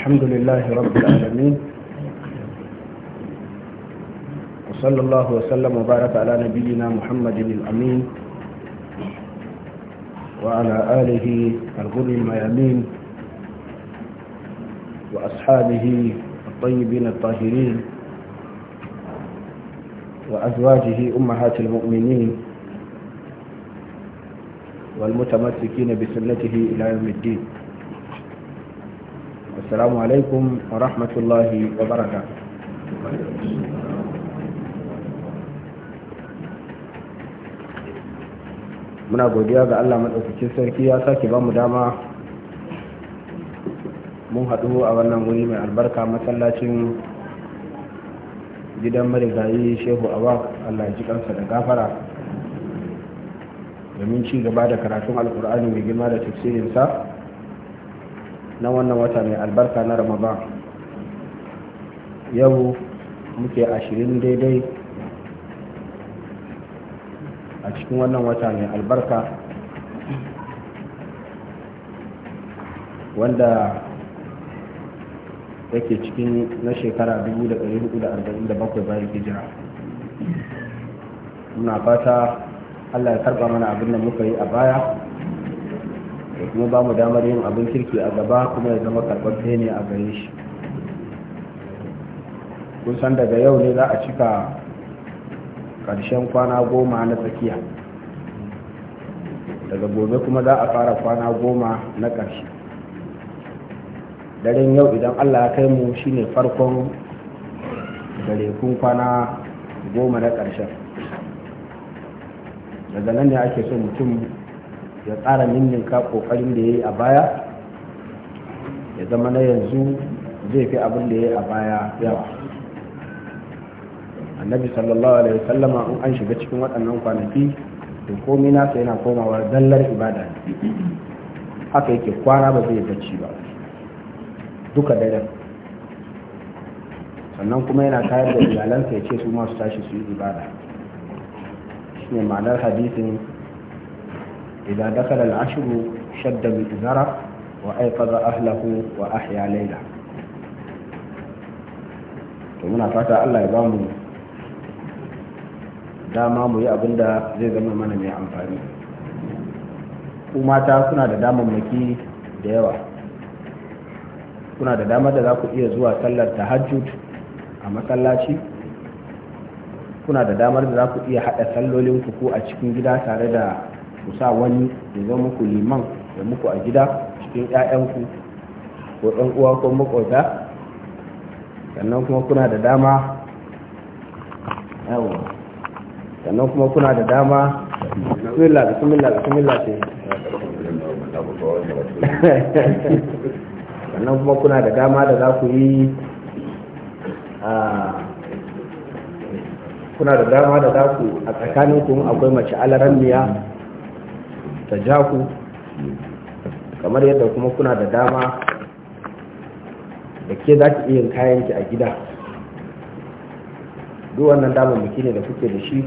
الحمد لله رب العالمين وصلى الله وسلم وبارك على نبينا محمد الأمين وعلى آله الغر الميامين وأصحابه الطيبين الطاهرين وأزواجه أمهات المؤمنين والمتمسكين بسنته إلى يوم الدين السلام عليكم ورحمة الله وبركاته muna godiya ga Allah maɗaukakin sarki ya sake ba mu dama mun haɗu a wannan wuri mai albarka masallacin gidan marigayi shehu awa Allah ya ji kansa da gafara domin ci gaba da karatun alkur'ani mai girma da tafsirinsa na wannan wata mai albarka na ramadan yau muke ashirin daidai a cikin wannan wata mai albarka wanda yake cikin na shekara 1447 bayan hijira muna fata allah ya karba mana abin da muka yi a baya kuma ba mu damar yin abin kirki a gaba kuma ya zama karɓar ne a gare shi kusan daga yau ne za a cika ƙarshen kwana goma na tsakiya daga gobe kuma za a fara kwana goma na ƙarshe daren yau idan allah ya kai mu shine farkon garekun kwana goma na ƙarshen daga nan ne ake son mutum ya tsara ninninka kokarin da ya yi a baya ya zama na yanzu zai fi abin da ya yi a baya yawa annabi sallallahu alaihi wasallama in an shiga cikin waɗannan kwanaki to komi nasa yana komawa dallar ibada haka yake kwana ba zai bacci ba duka daren sannan kuma yana tayar da iyalansa ya ce su masu tashi su yi ibada shine ma'anar hadisin إذا دخل العشر شد مئزره وأيقظ أهله وأحيا ليلة muna fata Allah ya ba mu dama mu yi abin da zai zama mana mai amfani ku mata kuna da damammaki da yawa kuna da damar da za ku iya zuwa sallar tahajjud a masallaci kuna da damar da za ku iya haɗa sallolin ku a cikin gida tare da ku sa wani ya zama muku liman da muku a gida cikin 'ya'yanku ko ɗan uwa ko makwabta sannan kuma kuna da dama yawon, sannan kuma kuna da dama bismillah bismillah bismillah sannan kuma kuna da dama da za ku yi kuna da dama da za ku a tsakanin akwai mace alaran miya ta ja ku kamar yadda kuma kuna da dama da ke za ki iya kayanki a gida duk wannan muke ne da kuke da shi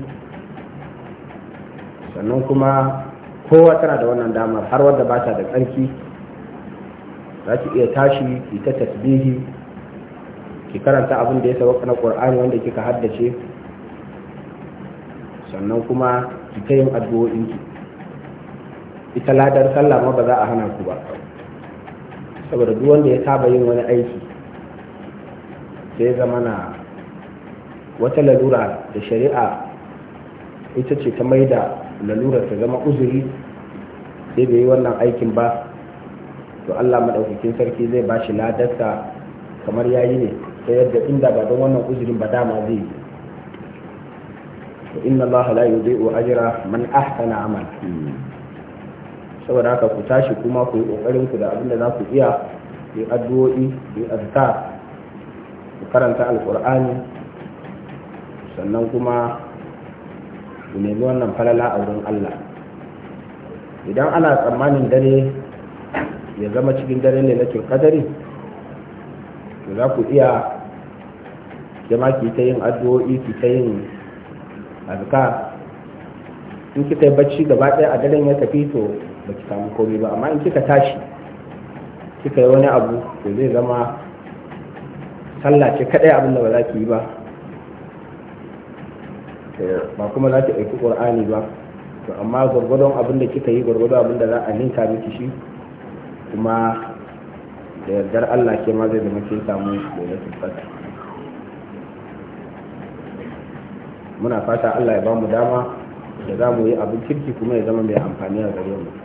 sannan kuma kowa tana da wannan damar har wadda ba ta da tsarki za ki iya tashi ki ta tasbihi ki karanta abin da ya sabaka na ƙwar'ani wanda kika haddace sannan kuma ki ta yin addu'o'inki ita ladar sallah ma ba za a hana ku ba saboda duk wanda ya saba yin wani aiki sai zama na wata lalura da shari'a ita ce ta maida lalura ta zama uzuri sai bai yi wannan aikin ba to Allah maɗaukakin sarki zai ba shi ladarsa kamar ya yi ne ta yadda inda ba don wannan uzurin ba dama zai yi inna Allah la yudhi'u ajra man ahsana amala saboda haka ku tashi kuma ku yi kokarin ku da abin da za ku iya ku yi addu'o'i ku yi azkar ku karanta Alƙur'ani sannan kuma ku nemi wannan falala a wurin Allah idan ana tsammanin dare ya zama cikin dare ne na kadari ku za ku iya jama ki ta yin addu'o'i ki ta yin azkar in kika yi bacci gaba ɗaya a daren ya tafi to ba ki samu komai ba amma in kika tashi kika yi wani abu da zai zama sallah ce kadai abin da ba za ki yi ba ba kuma za ki aiki ƙur'ani ba to amma gwargwadon abin da kika yi gwargwadon abin da za a ninka miki shi kuma da yardar Allah ke ma zai zama muke samu da tabbata muna fata Allah ya bamu dama da za mu yi abin kirki kuma ya zama mai amfani a gare mu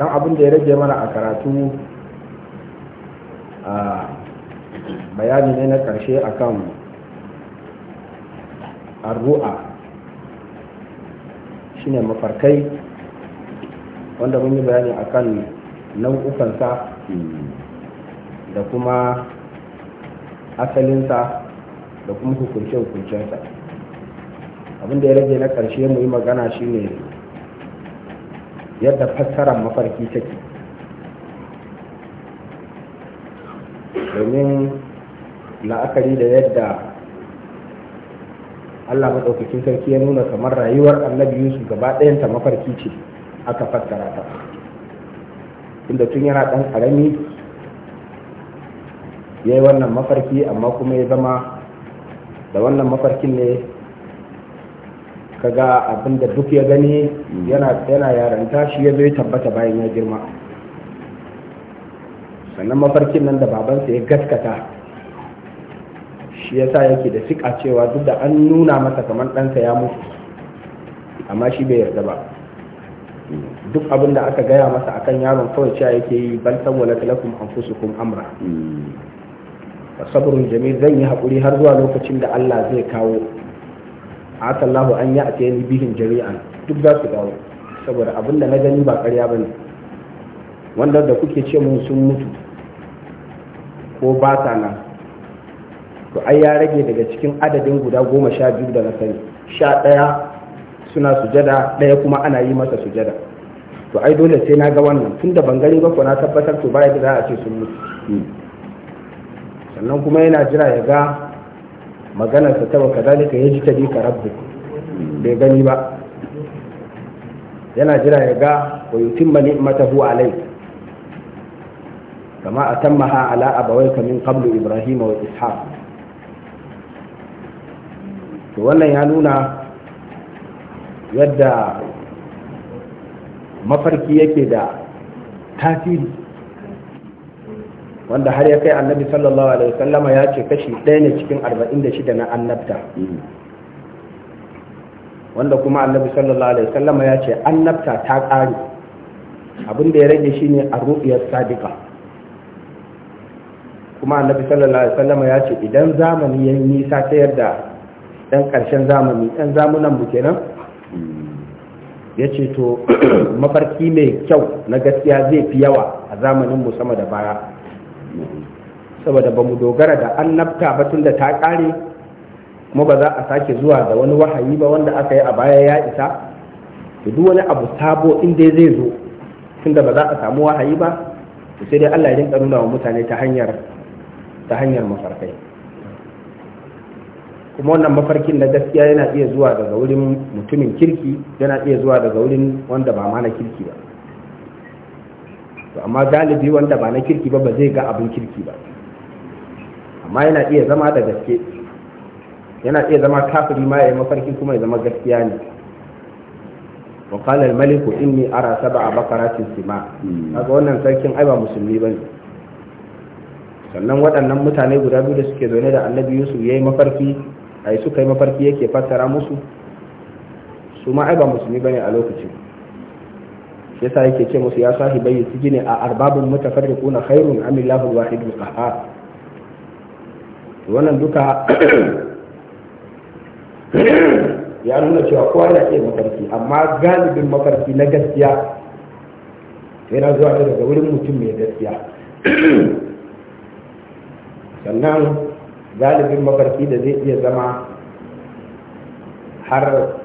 dan abin da ya rage mana a karatu a bayani ne na karshe kan arru'a shine mafarkai wanda mun yi bayani a kan nau'ukansa da kuma asalinsa da kuma hukunce-hukuncensa abin da ya rage na karshe mu yi magana shine yadda fassara mafarki take domin la'akari da yadda allah maɗaukacin sarki ya nuna kamar rayuwar annabi yusuf gaba ɗayanta mafarki ce aka fassara ta inda tun yana ɗan ƙarami ya yi wannan mafarki amma kuma ya zama da wannan mafarkin ne kaga abinda duk ya gani yana yaranta shi ya zai tabbata bayan ya girma sannan mafarkin nan da babansa ya gaskata shi ya sa yake da sika cewa duk da an nuna masa kamar ɗansa ya mutu amma shi bai yarda ba duk abin da aka gaya masa akan yaron kawai cewa yake yi bal sawwala lakum anfusukum amra hmm. sabrun jamil zan yi hakuri har zuwa lokacin da Allah zai kawo atallahu an ya ce ni bihin jami'an duk za su dawo saboda abin da na gani ba karya ba ne wanda da kuke ce mun sun mutu ko ba sa nan to ai ya rage daga cikin adadin guda goma sha biyu da na sani sha ɗaya suna sujada ɗaya kuma ana yi masa sujada to ai dole sai na ga wannan tun da bangare ba ko na tabbatar to ba da za a ce sun mutu sannan kuma yana jira ya ga maganar sa tawa kazalika yaji ta ka rabbi bai gani ba yana jira ya ga wa yutimma ni'matahu alayk kama atammaha ala abawayka min qablu Ibrahim wa ishaq to wannan ya nuna yadda mafarki yake da tasiri wanda har ya kai annabi sallallahu alaihi wasallama ya ce kashi ɗaya ne cikin arba'in da shida na annabta wanda kuma annabi sallallahu alaihi wasallama ya ce annabta ta ƙare abin da ya rage shi ne a ruɗiyar sadiqa kuma annabi sallallahu alaihi wasallama ya ce idan zamani ya yi nisa ta yadda ɗan ƙarshen zamani ɗan zamunan mu kenan ya ce to mafarki mai kyau na gaskiya zai fi yawa a zamanin mu sama da baya saboda ba mu dogara da annabta ba tun da ta ƙare kuma ba za a sake zuwa da wani wahayi ba wanda aka yi a baya ya isa da duk wani abu sabo in dai zai zo tun da ba za a samu wahayi ba to sai dai Allah ya rinka nuna wa mutane ta hanyar ta hanyar mafarkai kuma wannan mafarkin na gaskiya yana iya zuwa daga wurin mutumin kirki yana iya zuwa daga wurin wanda ba ma na kirki ba to amma galibi wanda ba na kirki ba ba zai ga abin kirki ba amma yana iya zama da gaske yana iya zama kafiri ma yayi mafarki kuma ya zama gaskiya ne wa qala al malik inni ara sab'a baqaratin sima hmm. kaga wannan sarkin ai ba musulmi bane sannan waɗannan mutane guda biyu da suke zaune da annabi yusuf yayi mafarki ai suka yi mafarki yake fassara musu su ma ai ba musulmi bane a lokacin yasa yake ce musu ya sahibai su gini a arbabin mutafarriquna khairun am Allahu al-wahid al-qahhar wannan duka ya nuna cewa kowa a iya mafarki amma galibin mafarki na gaskiya yana zuwa ne daga wurin mutum mai gaskiya sannan galibin mafarki da zai iya zama har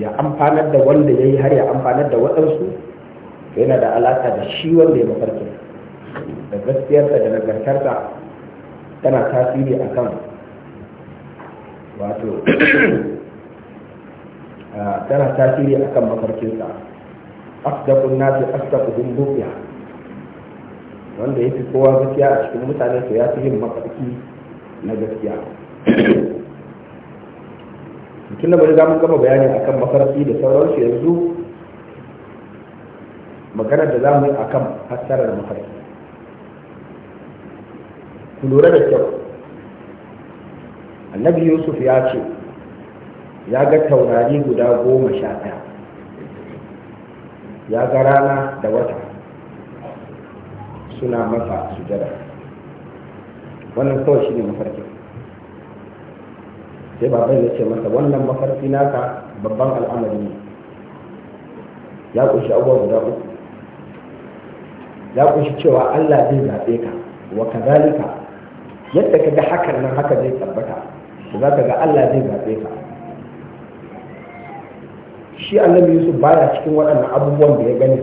ya amfanar da wanda ya yi har ya amfanar da waɗansu yana da alaka da shi wanda ya mafarki da gaskiyarsa da nagartarsa tana tasiri a kan wato tana tasiri a kan mafarkinsa asdaqun nasi asdaquhum ru'ya wanda yafi kowa gaskiya a cikin mutane to ya fi yin mafarki na gaskiya tun da bari za mu gama bayani akan mafarki da sauransu yanzu magana da za mu yi akan fassarar mafarki ku lura da kyau annabi yusuf ya ce ya ga taurari guda goma sha ɗaya ya ga rana da wata suna masa sujada wannan kawai shi ne mafarki sai baban ya ce masa wannan mafarki naka babban al'amari ne ya ƙunshi abubuwa guda uku ya kunshi cewa Allah zai zaɓe ka wa kazalika yadda ka ga hakan nan haka zai tabbata za ka ga Allah zai zaɓe ka shi annabi Yusuf baya cikin waɗannan abubuwan da ya gani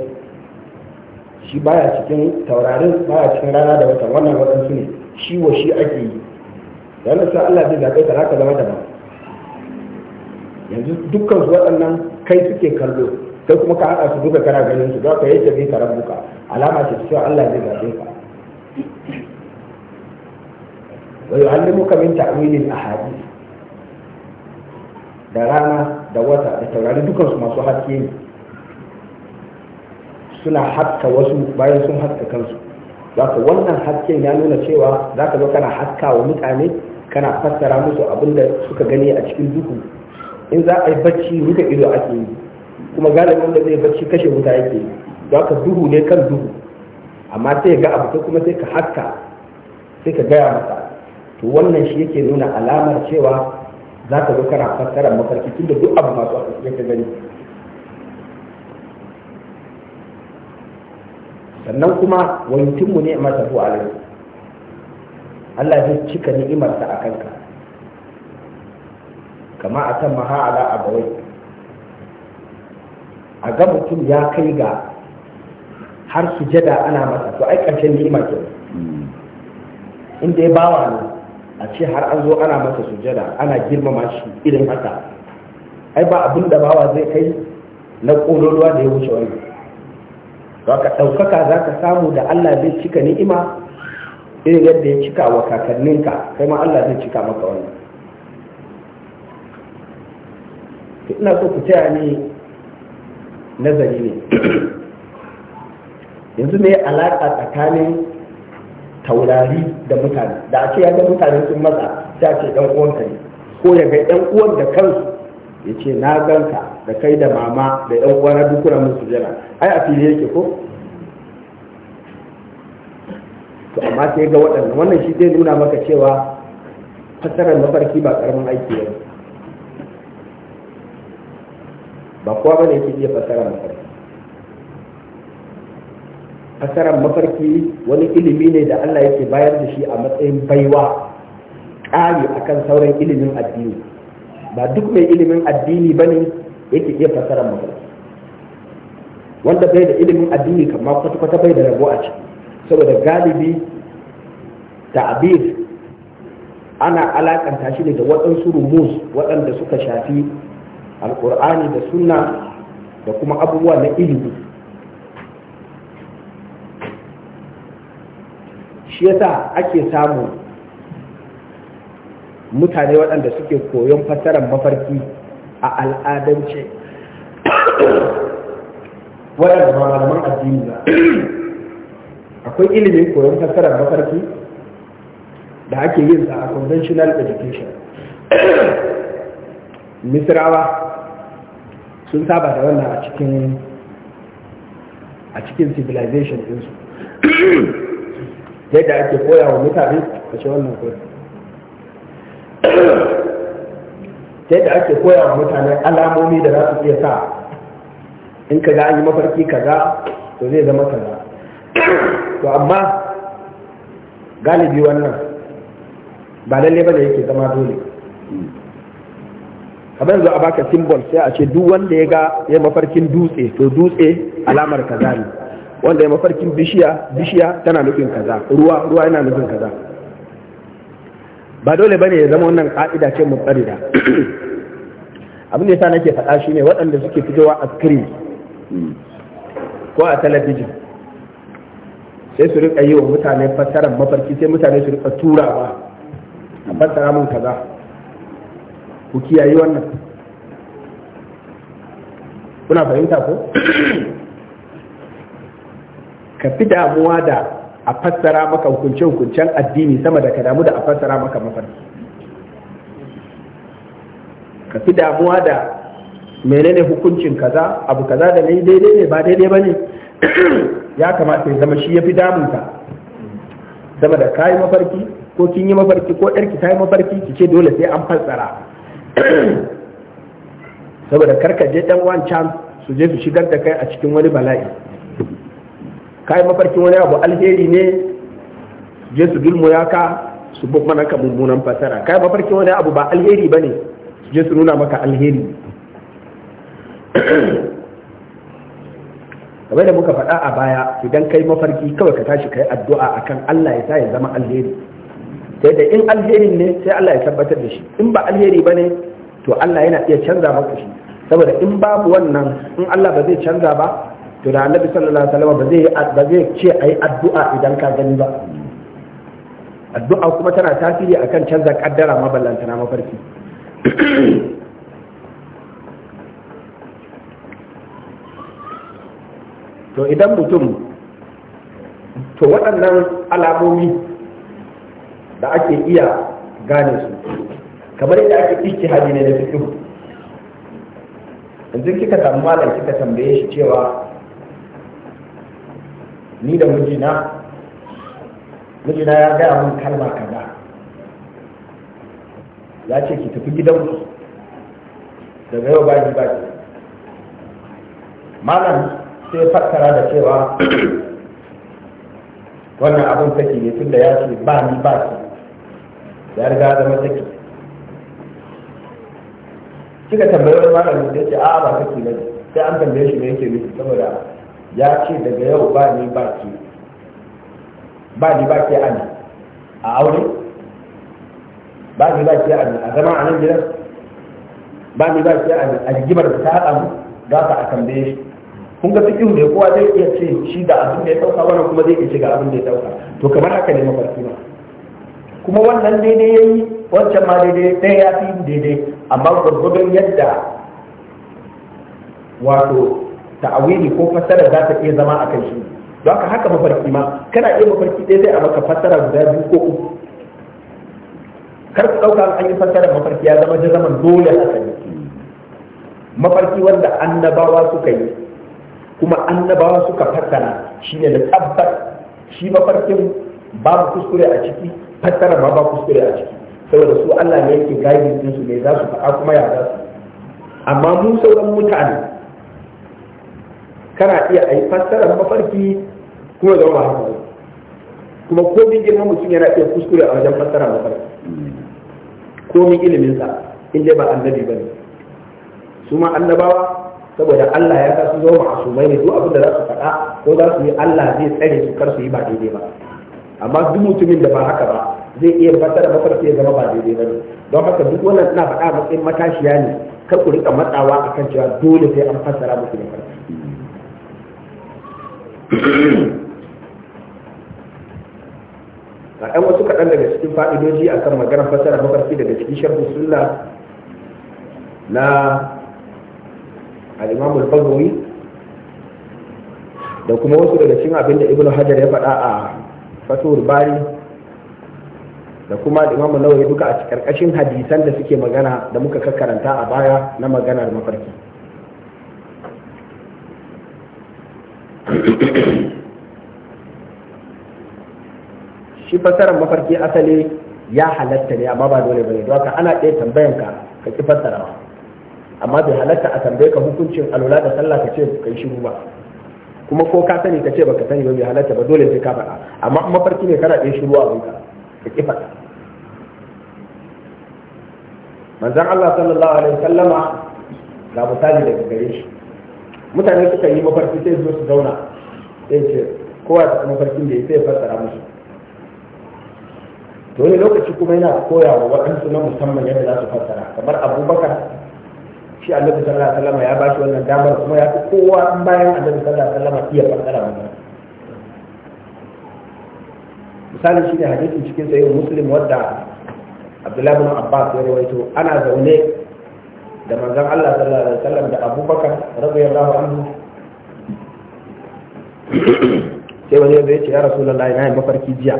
shi baya cikin taurarin baya cikin rana da wata wannan waɗansu ne shi wa shi ake yi dan sai Allah zai zaɓe ka za ka zama da ba yanzu dukkan waɗannan kai suke kallo kai kuma ka haɗa su duka kana ganin su za ka yi zai ka rabuka alama ce cewa Allah zai gaje ka wa ka min ta'wilil ahadith da rana da wata da taurari dukansu masu haske ne suna haska wasu bayan sun haska kansu zaka wannan hasken ya nuna cewa zaka zo kana haska wa mutane kana fassara musu abin da suka gani a cikin duhu in za a yi bacci rufe ido ake yi kuma galibin da zai bacci kashe wuta yake yi za ka duhu ne kan duhu amma sai ga abu kuma sai ka haska sai ka gaya masa to wannan shi yake nuna alamar cewa za ka zo kana fassara mafarki tun da duk abu masu a ka gani sannan kuma ne yutimmu masa zuwa alayhi Allah zai cika ni'imarsa a kanka kama a kan maha'ala a abawai a ga mutum ya kai ga har sujada ana masa to ai ƙarshen ni'ima ke In ya bawa ne a ce har an zo ana masa sujada ana girmama shi irin haka ai ba abin da bawa zai kai na kololuwa da ya wuce wani za ka ɗaukaka za ka samu da Allah zai cika ni'ima irin yadda ya cika wa kakanninka kai ma Allah zai cika maka wani ina so ku taya ni nazari ne yanzu ne alaƙa tsakanin taurari da mutane da a ce ya ga mutane sun matsa ta ce ɗan uwanka ne ko ya ga ɗan uwan da kansu ya ce na ganka da kai da mama da ɗan uwa na mun musu jana ai a fili yake ko to amma sai ga waɗannan wannan shi zai nuna maka cewa fasarar mafarki ba ƙaramin aiki ne ba kowa bane yake iya fasarar mafarki fasarar mafarki wani ilimi ne da Allah yake bayar da shi a matsayin baiwa ƙari akan sauran ilimin addini ba duk mai ilimin addini ba ne yake iya fasarar mafarki wanda bai da ilimin addini kama kwata-kwata bai da rabo a ciki saboda galibi ta'abir ana alakanta shi ne da waɗansu rumus waɗanda suka shafi Alƙur'ani da sunna da kuma abubuwa na ilimi shi yasa ake samu mutane waɗanda suke koyon fassarar mafarki a al'adance waɗanda ba malaman addini ba akwai ilimin koyon fassarar mafarki da ake yin sa a conventional education misrawa sun saba da wannan a cikin a cikin civilization ɗinsu yadda ake koya wa mutane a ce wannan koya ta yadda ake koya wa mutane alamomi da za su iya sa in ka ga yi mafarki kaza to zai zama kaza to amma galibi wannan ba lalle ba da yake zama dole kamar yanzu a baka simbol sai a ce duk wanda ya ga ya mafarkin dutse to dutse alamar kaza ne wanda ya mafarkin bishiya bishiya tana nufin kaza ruwa ruwa yana nufin kaza ba dole bane ya zama wannan ka'ida ce tsarida abin da yasa nake faɗa shine waɗanda suke fitowa a screen ko a talabijin sai su rika yi wa mutane fassarar mafarki sai mutane su rika turawa a fassara mun kaza ku kiyaye wannan kuna fahimta ko ka fi damuwa da a fassara maka hukunce-hukuncen addini sama da ka damu da a fassara maka mafarki ka fi damuwa da menene hukuncin kaza abu kaza da nayi daidai ne ba daidai ba ne ya kamata ya zama shi ya fi damunka sama da kayi mafarki ko kin yi mafarki ko ɗarki ta yi mafarki ki ce dole sai an fassara saboda karkaje ɗan wancan su je su shigar da kai a cikin wani bala'i kai mafarkin wani abu alheri ne je su ya ka su buk mana ka mummunan fasara kai mafarkin wani abu ba alheri bane je su nuna maka alheri kamar da muka faɗa a baya idan kai mafarki kawai ka tashi kai addu'a akan Allah ya sa ya zama alheri sai da in alherin ne sai Allah ya tabbatar da shi in ba alheri bane to Allah yana iya canza maka shi saboda in babu wannan in Allah ba zai canza ba to da annabi sallallahu alaihi wasallam ba zai ce ayi addu'a idan ka gani ba addu'a kuma tana tasiri akan canza kaddara maballantana mafarki to idan mutum to waɗannan alamomi da ake iya gane su kamar yadda ake ijtihadi ne da fiqh yanzu kika samu malam kika tambaye shi cewa ni da mijina mijina ya gaya mun kalma kaza ya ce ki tafi gidan ku, daga yau baki baki malam sai fassara da cewa wannan abin saki ne tunda ya ce ba ni ba ki ya riga zama saki kika tambayar wani malamin da ya ce a ba saki ne sai an tambaye shi me yake nufi saboda ya ce daga yau ba ni ba ke ba ni ba ke ani a aure ba ni ba ke ani a zama a nan gidan ba ni ba ke ani a rigimar da ta haɗa mu za ta a tambaye shi kun ga fiƙihu ne kowa zai iya ce shi da abin da ya ɗauka wannan kuma zai iya ce ga abin da ya ɗauka to kamar haka ne mafarki ma kuma wannan daidai ya yi wancan ma daidai ɗaya ya fi daidai amma gwargwadon yadda wato ta'awili ko fassara za ta iya zama a kan shi don haka haka mafarki ma kana iya mafarki ɗaya zai a maka fassara guda biyu ko uku kar ku ɗauka an yi fassara mafarki ya zama zaman dole kan ne mafarki wanda annabawa suka yi kuma annabawa suka fassara shi ne da tabbat shi mafarkin babu kuskure a ciki fassara ma ba kuskure a ciki saboda su Allah ne yake gaibin su ne za su faɗa kuma ya za su amma mu sauran mutane kana iya a yi fassarar mafarki kuma zama haka ne kuma komin girman mutum yana iya kuskure a wajen fassara mafarki ilimin sa in dai ba annabi ba ne su ma annabawa saboda Allah ya sa su zama masumai ne duk abin da za su faɗa ko za su yi Allah zai tsare su kar su yi ba daidai ba amma duk mutumin da ba haka ba zai iya fassara mafarki ya zama ba daidai ba ne don haka duk wannan ina faɗa matsayin matashiya ne kar ku rika matsawa akan cewa dole sai an fassara muku mafarki a ɗan wasu kaɗan daga cikin fa'idoji a kan maganar fasara mafarki daga cikin sharhu sunna na al'imamu al da kuma wasu daga cikin abin da ibn hajar ya faɗa a fatuhul bari da kuma al'imamu nawawi duka a karkashin hadisan da suke magana da muka karanta a baya na maganar mafarki shi fassarar mafarki asali ya halatta ne amma ba dole bane don haka ana ɗaya tambayan ka ka ki fasara amma bai halatta a tambaye ka hukuncin alwala da sallah ka ce ka yi shiru ba kuma ko ka sani ka ce ba ka sani ba bai halatta ba dole sai ka faɗa amma mafarki ne kana ɗaya shiru a wanka ka ki faɗa manzon Allah sallallahu alaihi wasallama ga misali daga gare shi mutane suka yi mafarki sai zo su zauna sai ce kowa ta mafarkin da ya sai fassara musu to wani lokaci kuma yana koya wa waɗansu na musamman yadda za su fassara kamar abubakar shi annabi sallallahu alaihi wasallam ya ba shi wannan damar kuma ya fi kowa bayan annabi sallallahu alaihi wasallam iya fassara musu misali shi ne hadisin cikin sayyid muslim wadda abdullahi bin abbas ya rawaito ana zaune da manzon Allah sallallahu alaihi wasallam da Abubakar radiyallahu anhu sai wani ya ce ya rasulullahi na yi mafarki jiya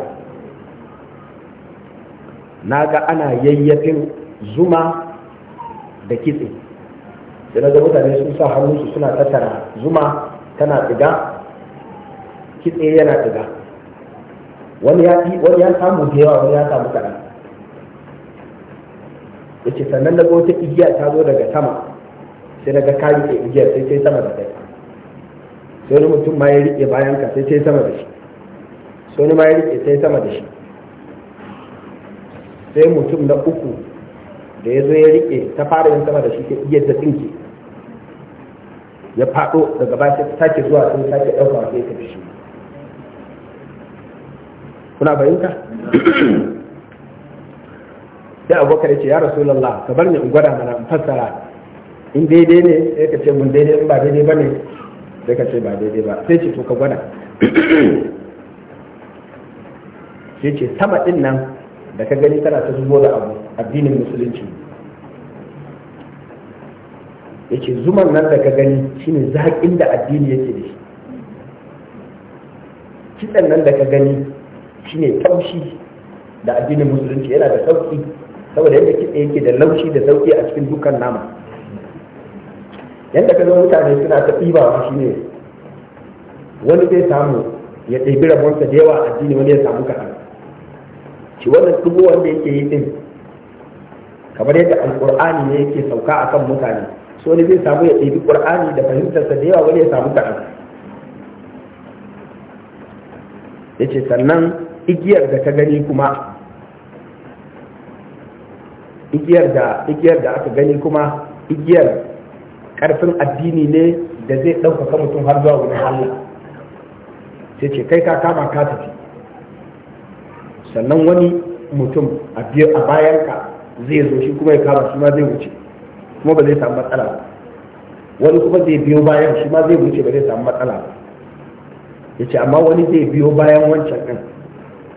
na ga ana yayyafin zuma da kitse sai na ga mutane sun sa hannunsu suna tattara zuma tana tsiga kitse yana tsiga wani ya samu da yawa wani ya samu kaɗan yace sannan daga wata igiya ta zo daga sama sai daga ka rike igiyar sai sai sama da kai sai wani mutum ma ya rike bayan ka sai sai sama da shi sai wani ma ya rike sai sama da shi sai mutum na uku da ya zo ya rike ta fara yin sama da shi ke igiyar ta tsinke ya faɗo daga ba sai sake zuwa sun sake ɗauka sai ka fi shi kuna fahimta sai abokan ya ce ya lalla ka bar ni in gwada mana in fassara in daidai ne sai ka ce mun daidai in ba daidai ba ne sai ka ce ba daidai ba sai ce to ka gwada sai ce sama din nan da ka gani tana ta zubo da abu addinin musulunci ya ce zuman nan da ka gani shine zaƙin da addini yake da shi kitsan nan da ka gani shine taushi da addinin musulunci yana da sauƙi saboda yadda kitse yake da laushi da sauki a cikin dukkan nama yadda ka zama mutane suna ta wa shi ne wani zai samu ya ɗebi rabonsa da yawa a addini wani ya samu kaɗan shi wannan dubu wanda yake yi ɗin kamar yadda alƙur'ani ne yake sauka a kan mutane so wani zai samu ya ɗebi ƙur'ani da fahimtarsa da yawa wani ya samu kaɗan ya ce sannan igiyar da ka gani kuma igiyar da igiyar da aka gani kuma igiyar karfin addini ne da zai ɗaukaka mutum har zuwa wani Allah sai ce kai ka kama ka tafi sannan wani mutum a bayanka zai zo shi kuma ya kama shi ma zai wuce kuma ba zai samu matsala wani kuma zai biyo bayan shi ma zai wuce ba zai samu matsala ya ce amma wani zai biyo bayan wancan ɗin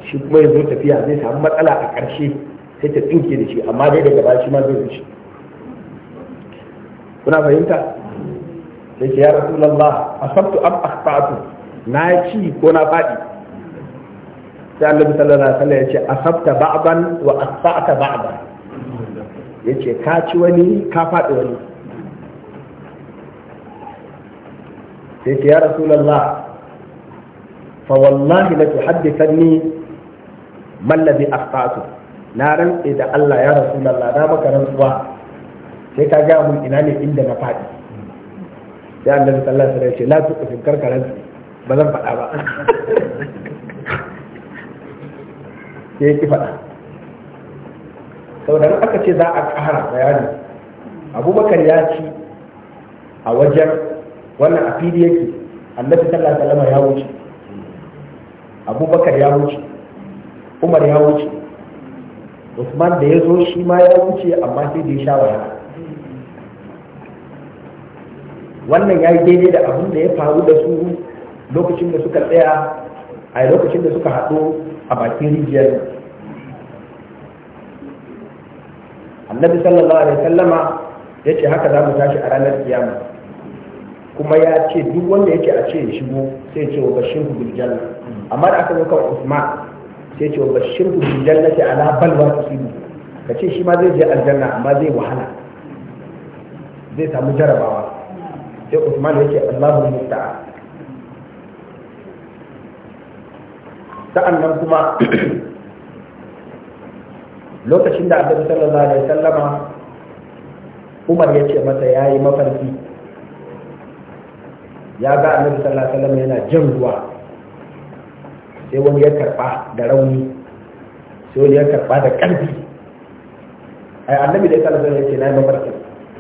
shi kuma ya zo tafiya zai samu matsala a ƙarshe sai ta tsinke da shi amma dai daga baya shi ma zai rushe kuna fahimta sai ce ya rasulullah asabtu am akhtatu na ci ko na faɗi? sai annabi sallallahu alaihi wasallam ya ce asabta ba'dan wa akhtata ba'dan yace ka ci wani ka fadi wani sai ce ya rasulullah fa wallahi la tuhaddithani ma alladhi akhtatu na rantse da Allah ya rasulullah na maka rantsuwa sai ka ga mun ina ne inda na faɗi sai annabi sallallahu alaihi wasallam ya ce la tuqfin karkaran ba zan faɗa ba sai ki faɗa saboda aka ce za a ƙara bayani abubakar ya ci a wajen wannan a fili yake annabi sallallahu alaihi wasallam ya wuce abubakar ya wuce umar ya wuce usman da ya zo shi ma ya wuce amma sai da ya sha wahala wannan ya yi daidai da abin da ya faru da su lokacin da suka tsaya a lokacin da suka haɗu a bakin rijiyar annabi sallallahu alaihi sallama ya ce haka za mu tashi a ranar kiyama kuma ya ce duk wanda yake a ce ya shigo sai ce wa bashin hudu janna amma da aka zo kawai Usman sai ce bashirhu bil jannati ala balwa Ka ce shi ma zai je aljanna amma zai wahala zai samu jarabawa sai Usman ya ce Allahu Sa'an nan kuma lokacin da Annabi sallallahu alaihi wasallama Umar ya ce masa yayi mafarki ya ga Annabi sallallahu alaihi wasallam yana jan ruwa sai wani ya karba da rauni sai wani ya karba da karfi ai annabi da ya kalasa ya ce na mafarkin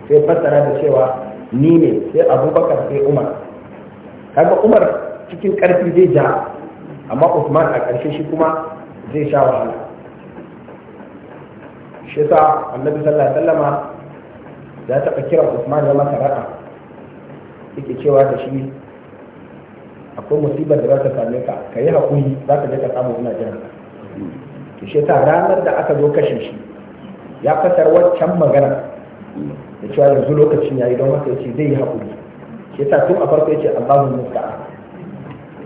sai fassara da cewa ni ne sai abubakar sai umar kaga umar cikin karfi zai ja amma usman a ƙarshe shi kuma zai sha wahala shi sa annabi sallallahu alaihi wasallama ya taɓa kira usman ya masa ra'a yake cewa da shi akwai musibar da za ta same ka ka yi haƙuri za ka je ka samu ina jiran to shi ta ranar da aka zo kashe shi ya fasar waccan magana da cewa yanzu lokacin yayi don haka yace zai yi haƙuri shi ta tun a farko yace Allahu musta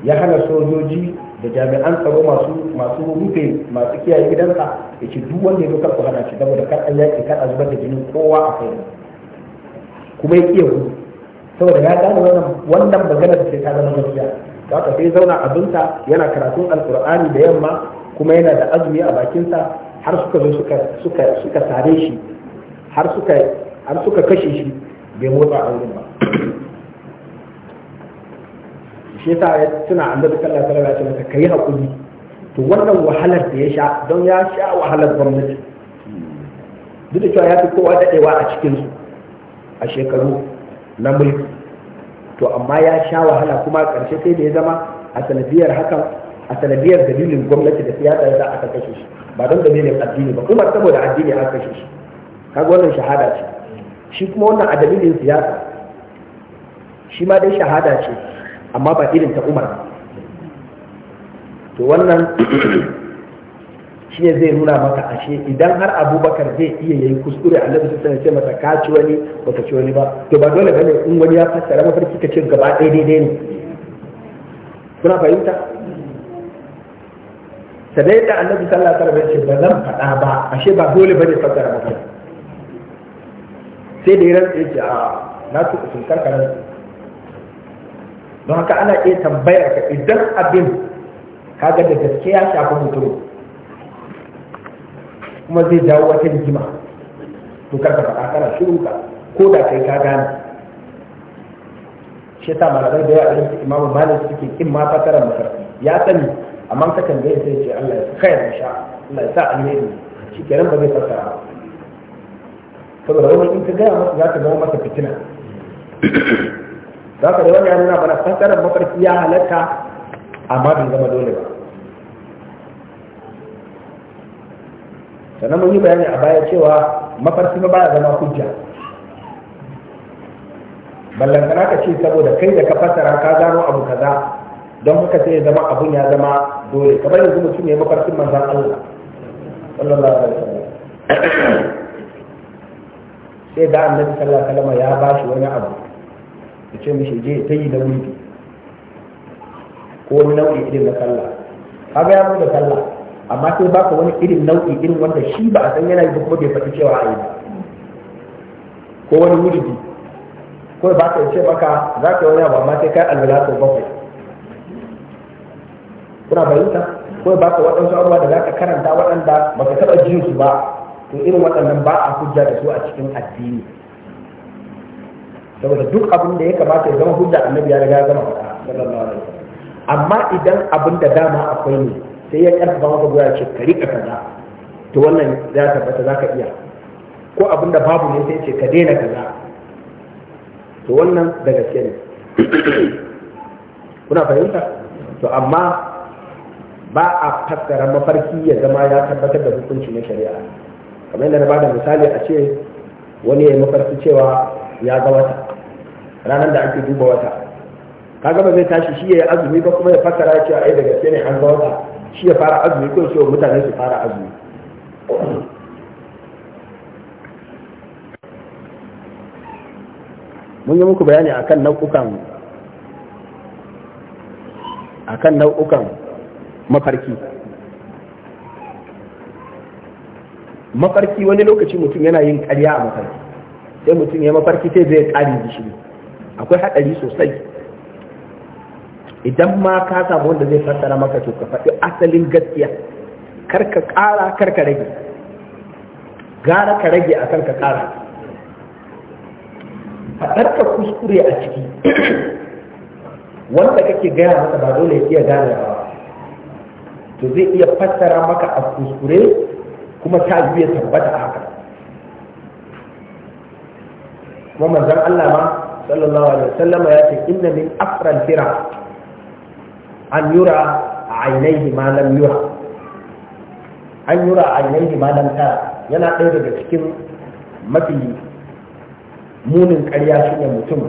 ya hana sojoji da jami'an tsaro masu masu rufe masu kiyaye gidansa yace duk wanda ya zo kar ku hana shi saboda kar an yaƙi kar a zubar da jinin kowa a kai kuma ya kiyaye saboda ya gane wannan wannan magana da ke ta zama gaskiya da haka sai zauna abinsa yana karatun alkur'ani da yamma kuma yana da azumi a bakinsa har suka zo suka suka suka sare shi har suka har suka kashe shi bai motsa a wurin ba shi ta ya tuna annabi sallallahu alaihi wasallam ta ce kai hakuri to wannan wahalar da ya sha don ya sha wahalar gwamnati duk da cewa ya fi kowa ɗewa a cikinsu a shekaru na mulki to amma ya sha wahala kuma karshe sai da ya zama a sanadiyar hakan a sanadiyar dalilin gwamnati da siyasa ya za a kashe shi ba don dalilin addini ba kuma saboda addini aka kashe shi kaga wannan shahada ce shi kuma wannan a dalilin siyasa shi ma dai shahada ce amma ba irin ta umar to wannan shi ne zai nuna maka ashe idan har abubakar zai iya yayi kuskure annabi sai ce masa ka ci wani baka ci wani ba to ba dole bane in wani ya fassara mafarki ka ce gaba ɗaya daidai ne kuna fahimta sadai da annabi sallallahu alaihi wasallam ya ce ba zan faɗa ba ashe ba dole bane fassara mafarki sai da ya rantsa ya ce a na tuka sun karkara don haka ana iya tambayar ka idan abin kaga da gaske ya shafi mutum kuma zai jawo wata rigima to karka faɗa kana shiru ka ko da kai ka gane shi ta malamai da yawa irin su imamu malik suke kin ma fatara mafarki ya sani amma ka tambaye sai ce Allah ya kai da sha Allah ya sa alheri shi kenan ba zai fasara ba da wani in ka gaya masa za ka zama masa fitina za ka da wani ya nuna mana fasarar mafarki ya halatta amma bai zama dole ba sannan mun yi bayani a baya cewa mafarki ba ya zama hujja kana ka ce saboda kai da ka fassara ka gano abu kaza don haka sai ya zama abun ya zama dole kamar yanzu mutum ne mafarkin manzan Allah sallallahu alaihi wasallam sai da annabi sallallahu alaihi wasallam ya bashi wani abu ya ce mishi je ta yi da wuri ko wani nau'i irin na sallah kaga ya da sallah amma sai baka wani irin nau'i irin wanda shi ba a san yana yi kuma bai faɗi cewa a yi ba ko wani wuridi ko ba ka ce maka za ka yi wani abu amma sai kai alwala ko bakwai kuna bayyanta ko ba ka waɗansu abubuwa da za ka karanta waɗanda ba ka taɓa jin su ba to irin waɗannan ba a hujja da su a cikin addini saboda duk abin da ya kamata ya zama hujja annabi ya riga ya zama faɗa sallallahu alaihi wasallam amma idan abin da dama akwai ne sai ya karfafa maka gwiwa ce ka rika kaza to wannan ya tabbata za ka iya ko abin da babu ne sai ce ka daina kaza to wannan da gaske ne kuna fahimta to amma ba a fassara mafarki ya zama ya tabbatar da hukunci na shari'a kamar yadda na bada misali a ce wani ya mafarki cewa ya ga wata ranar da ake duba wata kaga ba zai tashi shi ya yi azumi ba kuma ya fassara cewa ai da gaske ne an ga wata shi ya fara azumi ko shi mutane su fara azumi mun yi muku bayani akan nau'ukan akan nau'ukan mafarki mafarki wani lokaci mutum yana yin karya a mafarki sai mutum ya mafarki sai zai ƙari shi, akwai haɗari sosai idan ma ka samu wanda zai fassara maka to ka faɗi asalin gaskiya kar ka ƙara kar ka rage gara ka rage a kan ka ƙara faɗar ka kuskure a ciki wanda kake gaya masa ba dole ya iya gane ba to zai iya fassara maka a kuskure kuma ta yi ya tabbata haka kuma manzon Allah ma sallallahu alaihi wasallama ya ce inna min afral fira an yura a ainihi malam yura an yura a ainihi malam ta yana ɗaya daga cikin mafi munin ƙarya shi ne mutum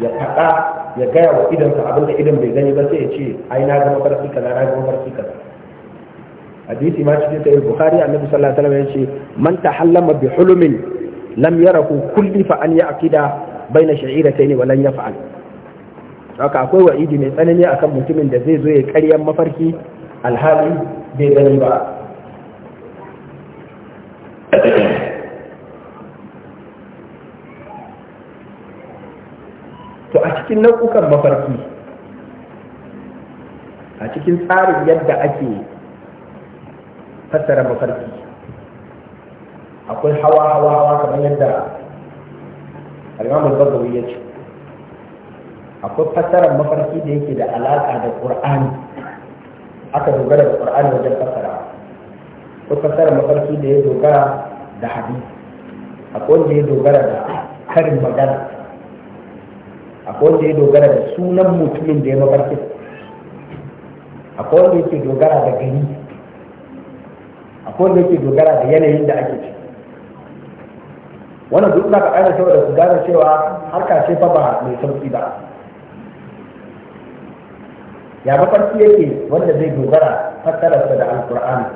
ya faɗa ya gaya wa idansa abinda idon bai gani ba sai ya ce ai na ga mafarki kaza na ga mafarki kaza hadisi ma cikin sahih bukhari annabi sallallahu alaihi wasallam ya ce man tahallama bi hulumin lam yarahu kulli fa an ya'qida baina sha'iratayn wa lan yaf'al haka akwai wa'idi mai tsanani akan mutumin da zai zo ya ƙaryan mafarki alhali bai gani ba to a cikin nau'ukan mafarki a cikin tsarin yadda ake fassara mafarki akwai hawa hawa hawa kamar yadda al'amur bazawi ya ce akwai fassarar mafarki da yake da alaƙa da ƙur'ani aka dogara da ƙur'ani wajen fassara akwai fassarar mafarki da ya dogara da hadisi akwai wanda ya dogara da karin magana akwai wanda ya dogara da sunan mutumin da ya mafarki akwai wanda yake dogara da gani. akwai wanda yake dogara da yanayin da ake ciki wannan duk na faɗa da saboda su gane cewa harka ce fa ba mai sauki ba ya mafarki yake wanda zai dogara fassararsa da alkur'ani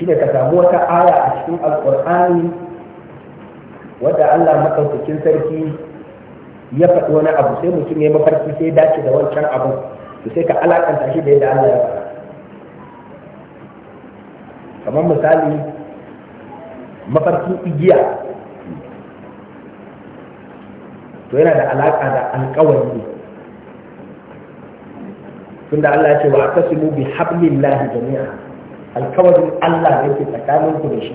shi ne ka samu wata aya a cikin alkur'ani wadda allah maɗaukakin sarki ya faɗi wani abu sai mutum ya mafarki sai dace da wancan abu. to sai ka alakanta shi da yadda allah ya faɗa kamar misali mafarkin igiya to yana da alaƙa da alƙawari tunda Allah ya ce wa tasimu bi hablillahi jami'a alkawarin Allah ya yake tsakanin ku da shi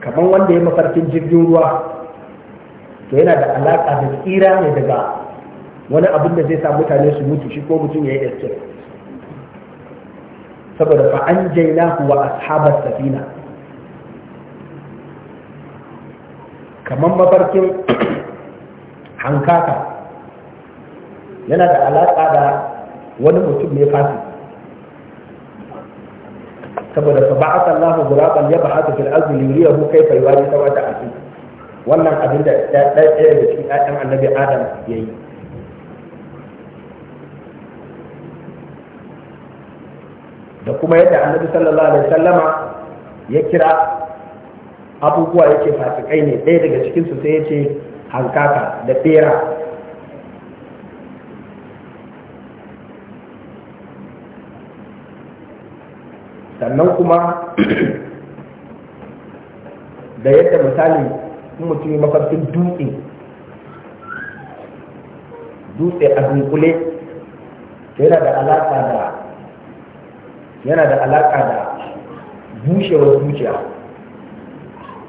kamar wanda ya mafarkin jirgin ruwa to yana da alaƙa da tsira ne daga wani abin da zai sa mutane su mutu shi ko mutum ya yi escape saboda fa an jaina wa ashabar safina kamar mafarkin hankaka yana da alaƙa da wani mutum ne fasi saboda fa a Allahu ghuraban yab'athu fil kai Kai kayfa yuwari sawata akhi wannan abin da ɗaya da cikin ƴaƴan annabi Adam yayi da kuma yadda annabi sallallahu alaihi wasallama ya kira abubuwa yake fasikai ne ɗaya daga cikinsu sai ya ce hankaka da fera sannan kuma da yadda misali mutum yi mafarkin dutse dutse a dunkule yana da alaƙa da yana da alaƙa da bushewar zuciya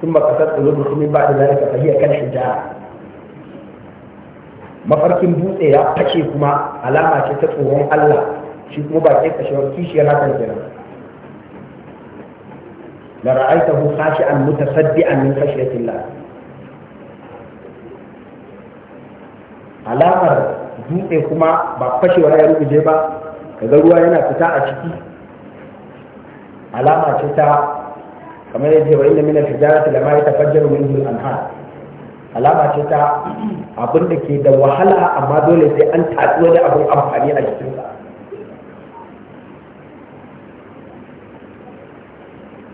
sun ba kasar tsoro musulmi ba da zai ka fahiyar kan mafarkin dutse ya fashe kuma alama ce ta tsoron Allah shi kuma ba ke kashewar kishiyar hakan kenan la ra'aytahu khashi'an mutasaddian min khashyatillah alamar dutse kuma ba fashe fashewar ya rubuje ba kaga ruwa yana fita a ciki alama ce ta kamar yadda wa inna min al-hijarati lama yatafajjaru minhu al-anhar alama ce ta abin da ke da wahala amma dole sai an tatsi wani abin amfani a jikinsa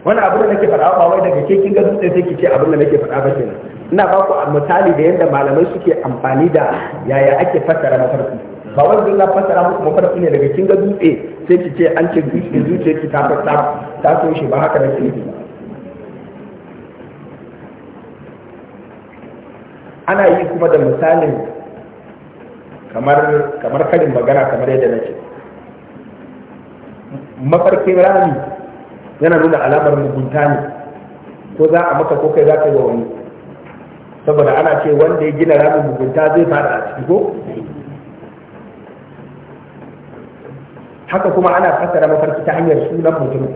wani abin da nake faɗa ba wai daga ke kin ga dutse sai ki ce abin da nake faɗa ba kenan ina ba ku misali da yadda malamai suke amfani da yaya ake fassara mafarki ba wanda na fassara muku mafarki ne daga kin ga dutse sai ki ce an ce dutse ki ta ta so shi ba haka nake nufi ba ana yi kuma da misalin kamar karin magana kamar yadda na ce mafarkin rami yana nuna alamar mugunta ne ko za a maka ko kai za ka yi wa wani saboda ana ce wanda ya gina ramin mugunta zai fada a ciki ko haka kuma ana fassara mafarki ta hanyar sunan mutum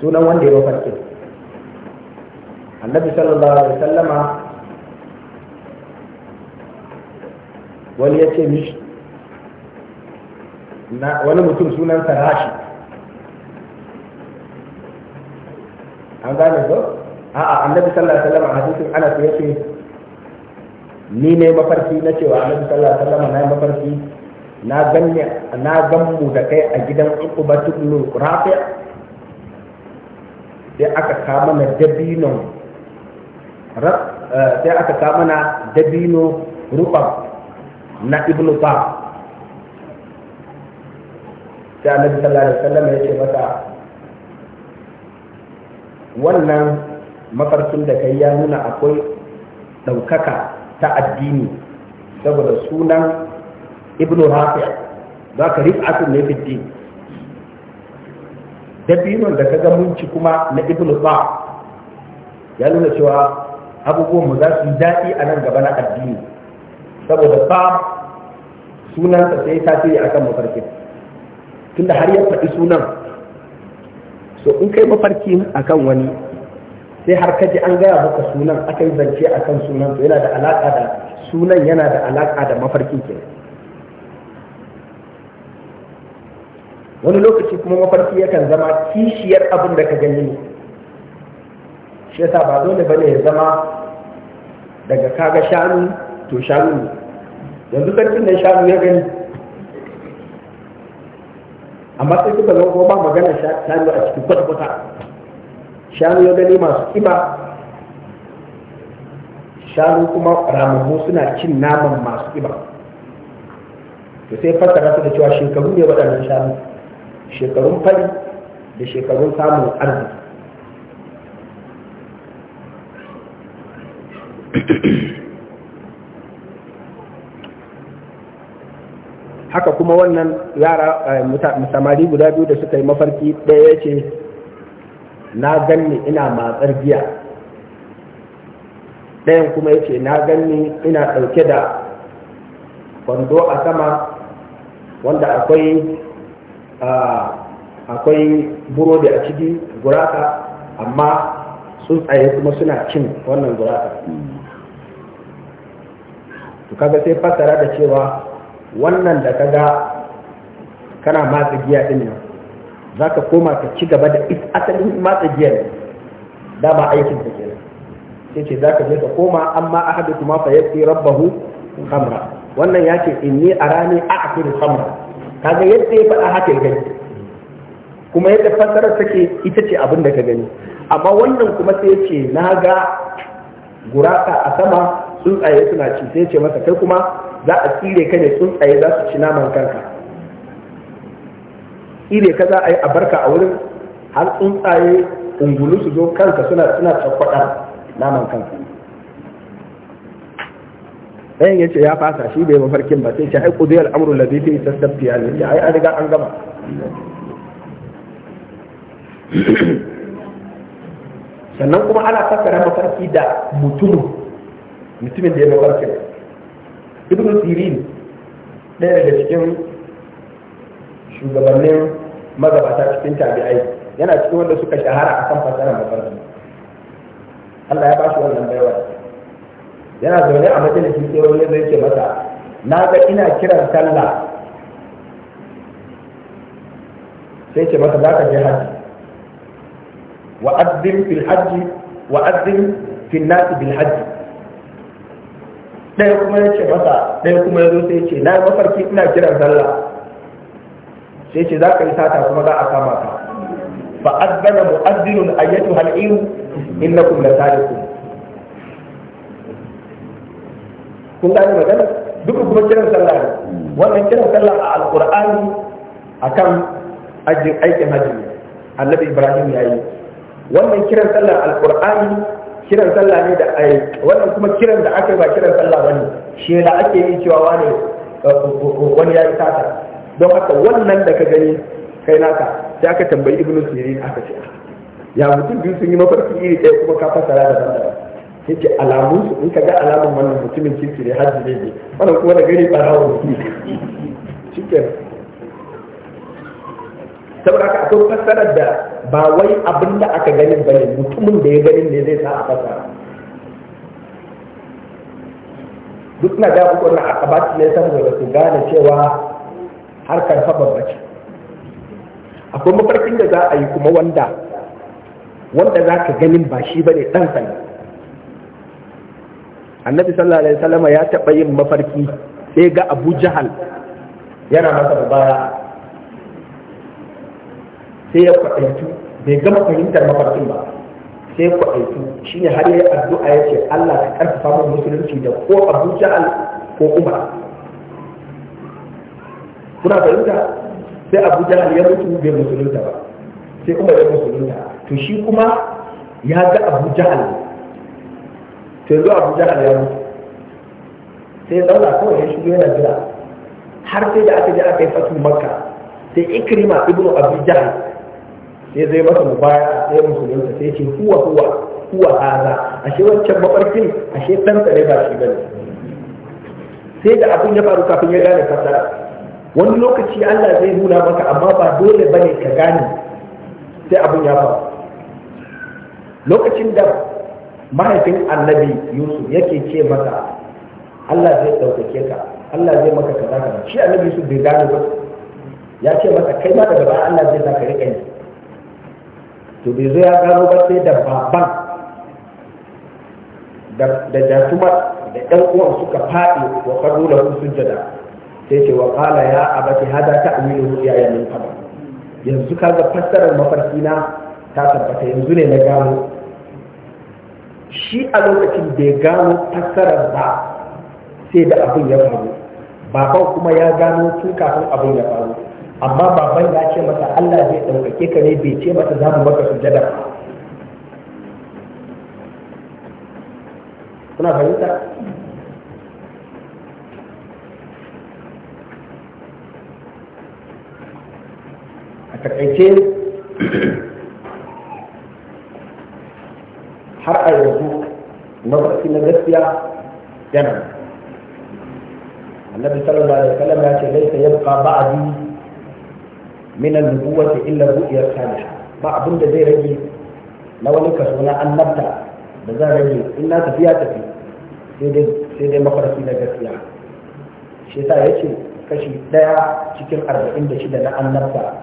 sunan wanda ya mafarkin annabi sallallahu alaihi wasallama wani ya ce mishi wani mutum sunansa rashi an gane ko a'a annabi sallallahu alaihi wasallam a hadisin ana ya ce ni ne mafarki na cewa annabi sallallahu alaihi wasallam na mafarki na ganne na gan mu da kai a gidan uqbatu ibn rafi' sai aka kama na dabinon Eh, sai aka kama na dabino rufam na ibnu ba sai annabi sallallahu alaihi wasallam ya ce masa wannan mafarkin da kai ya nuna akwai ɗaukaka ta addini saboda sunan ibnu rafi za ka asin ne fiddi dabinon da ka ga munci kuma na ibnu ba ya nuna cewa abubuwan mu za su daɗi a nan gaba na addini saboda ba sa sai ta tasiri akan mafarkin tunda har ya faɗi sunan so in kai mafarki akan wani sai har kaje an gaya maka sunan aka yi zance akan sunan to yana da alaka da sunan yana da alaƙa da mafarkin ke wani lokaci kuma mafarki yakan zama kishiyar abin da ka gani ne shi yasa ba dole bane ya zama daga kaga shanu to shanu ne yanzu sarkin nan shanu ya gani amma sai kuka zama kuma ba magana shanu a cikin kwata-kwata shanu ya gani masu kima shanu kuma ramammu suna cin naman masu kima to sai fassara su da cewa shekaru ne waɗannan shanu shekarun fari da shekarun samun arziki haka kuma wannan yara eh, samari guda biyu da suka yi mafarki ɗaya ce na ganni ina matsar giya ɗayan kuma ya ce na ganni ina ɗauke da kwando a sama wanda akwai akwai burodi a ciki guraka, amma tsuntsaye kuma suna cin wannan gurasa kaga sai fassara da cewa wannan da kaga kana matsa giya din nan za ka koma ka ci gaba da asalin matsa giya ne da ba aikin ka kenan sai ce za ka je ka koma amma ahadu kuma fa yafi rabbahu khamra wannan ya ce inni arani a'qilu khamra kaga yadda ya faɗa haka ya gani kuma yadda fassarar take ita ce abin da ka gani amma wannan kuma sai ce na ga gurasa a sama tsuntsaye suna ci sai ce masa kai kuma za a tsire ka ne tsuntsaye za su ci naman kanka tsire ka za a yi abarka a wurin har tsuntsaye ungulu su zo kanka suna suna tsakwada naman kanka ɗayan ya ce ya fasa shi bai mafarkin ba sai ce ai kudiyar amru lazi fi sassabtiya ne ya ai an riga an gama sannan kuma ana fassara mafarki da mutumin mutumin da ya mafarkin ibn sirin ɗaya daga cikin shugabannin magabata cikin tabi'ai yana cikin wanda suka shahara a kan fasarar mafarki Allah ya ba shi wannan baiwa yana zaune a majalisi sai wani zai ce masa na ga ina kiran sallah sai ce masa za ka je hajji wa azzim fil hajji wa azzim fil nasi bil hajji ɗaya kuma ya ce masa ɗaya kuma ya zo sai ce na mafarki ina kiran sallah sai ce za ka yi sata kuma za a kama ka fa adbana mu'addinun ayyatu hal'iru innakum la sadiqun kun gane magana duka kuma kiran sallah ne wannan kiran sallah a alqur'ani akan aikin hajji annabi ibrahim ya yi wannan kiran sallah alqur'ani kiran sallah ne da ai wannan kuma kiran da aka yi ba kiran sallah bane shi la ake yi cewa wani eh, wani ya yi don haka wannan da ka gani kai naka sai aka tambayi ibnu sirin aka ce ya mutum biyu sun yi mafarki iri ɗaya kuma ka fasara da daban daban yake alamun su in ka ga alamun wannan mutumin kirkire ne hajji ne wannan kuma da gani barawo ne shikenan saboda haka akwai fassarar da ba wai abin da aka ganin ba ne mutumin da ya ganin ne zai sa a fasa duk na ga muku wannan akabat ne saboda ku gane cewa harkar fa babba ce akwai mafarkin da za a yi kuma wanda wanda za ka ganin ba shi ba ne ɗan sani annabi sallallahu alaihi wasallam ya taɓa yin mafarki sai ga abu jahal yana masa baya sai ya kwaɗaitu bai gama fahimtar mafarkin ba sai ya kwaɗaitu shi ne har ya addu'a ya ce Allah ka ƙarfafa min musulunci da ko Abu Ja'al ko Umar kuna fahimta sai Abu Ja'al ya mutu bai musulunta ba sai Umar ya musulunta to shi kuma ya ga Abu Ja'al to yanzu Abu Ja'al ya mutu sai zauna kawai ya shigo yana jira har sai da aka je aka yi fatu makka sai ikrima ibnu Abu Ja'al Sai zai masa mubaya sai musulunta sai ce huwa huwa huwa haza ashe wancan mafarkin ashe dan tsare ba shi gani sai da abin ya faru kafin ya gane fasara wani lokaci Allah zai nuna maka amma ba dole bane ka gane sai abin ya faru lokacin da mahaifin annabi Yusuf yake ce masa Allah zai ɗaukake ka Allah zai maka kaza kaza shi annabi Yusuf bai gane ba ya ce masa kai ma daga baya Allah zai ka rika yi to bai zo ya gano ba sai da baban da jatumar da ɗan uwan suka faɗi wa faru da jada sai ce wa qala ya a hada ta'wilu ya yamin qaba yanzu kaga fassarar mafarki na ta tabbata yanzu ne na gano shi a lokacin bai gano fassarar ba sai da abin ya faru baban kuma ya gano tun kafin abin ya faru amma baban ya ce mata Allah zai ɗaukake ka ne bai ce mata za mu maka sujada ba kuna fahimta a takaice har a yanzu na mafarki na gaskiya yana annabi sallallahu alaihi wasallam ya ce laisa yabqa ba'di minan an-nubuwati illa ru'ya salihah ba abin da zai rage na wani kaso na annabta da zan rage in na tafiya tafi sai dai mafarki na gaskiya shi yasa yace kashi daya cikin arba'in da shida na annabta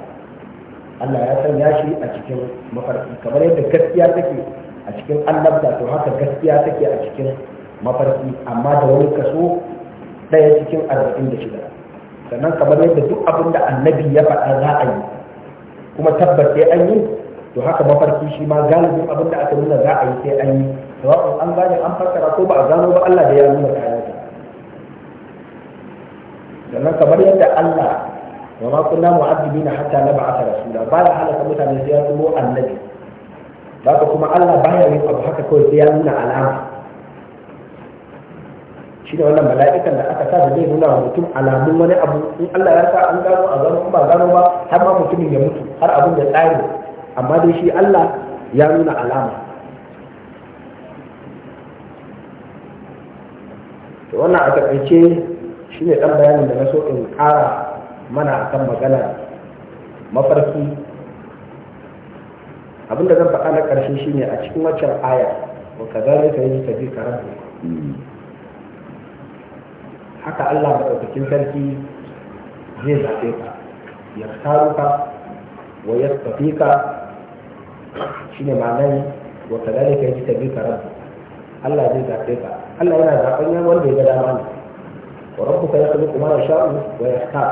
Allah ya sanya shi a cikin mafarki kamar yadda gaskiya take a cikin annabta to haka gaskiya take a cikin mafarki amma da wani kaso daya cikin arba'in da shida. sannan kamar yadda duk abin da annabi ya faɗa za a yi kuma tabbas sai an yi to haka mafarki shi ma galibin abin da aka nuna za a yi sai an yi sawa'un an gane an fassara ko ba a gano ba Allah da ya nuna kayan sannan kamar yadda Allah wa ma kunna na hatta nab'atha rasula baya halaka mutane sai ya turo annabi baka kuma Allah baya yi abu haka kawai sai ya nuna alama shi da wannan mala'ikan da aka sa zai nuna wa mutum alamun wani abu in Allah ya sa an gano a gano ba gano ba har ma mutumin ya mutu har abin ya tsare amma dai shi Allah ya nuna alama to wannan a takaice shi ne ɗan bayanin da na so in kara mana akan magana mafarki abinda zan faɗa na ƙarshe shine a cikin waccan aya wa kazalika yajtabika rabbuka hmm. haka Allah maɗaukakin sarki zai zaɓe ka ya taru ka wa ya tafi ka shi ne ma'anar wa kadalika ka yi tabi ka rabu Allah zai zaɓe ka Allah yana zaɓen yan wanda ya ga dama ne wa rabu ka ya tabi kuma ya sha'u wa ya ta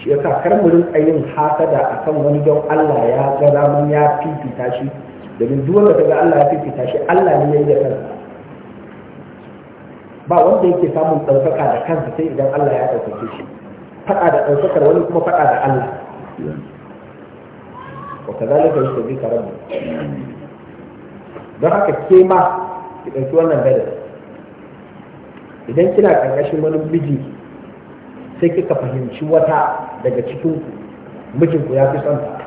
shi ya sa kar mu rinka a kan wani don Allah ya ga daman ya fifita shi domin duk wanda kaga Allah ya fifita shi Allah ne ya yi da kansa ba wanda yake samun ɗaukaka da kansa sai idan Allah ya ɗaukake shi faɗa da ɗaukakar wani kuma faɗa da Allah wa kazalika yusabbi rabu don haka ke ma ki ɗauki wannan gadar idan kina ƙarƙashin wani miji sai kika fahimci wata daga cikin mijinku ya fi son ta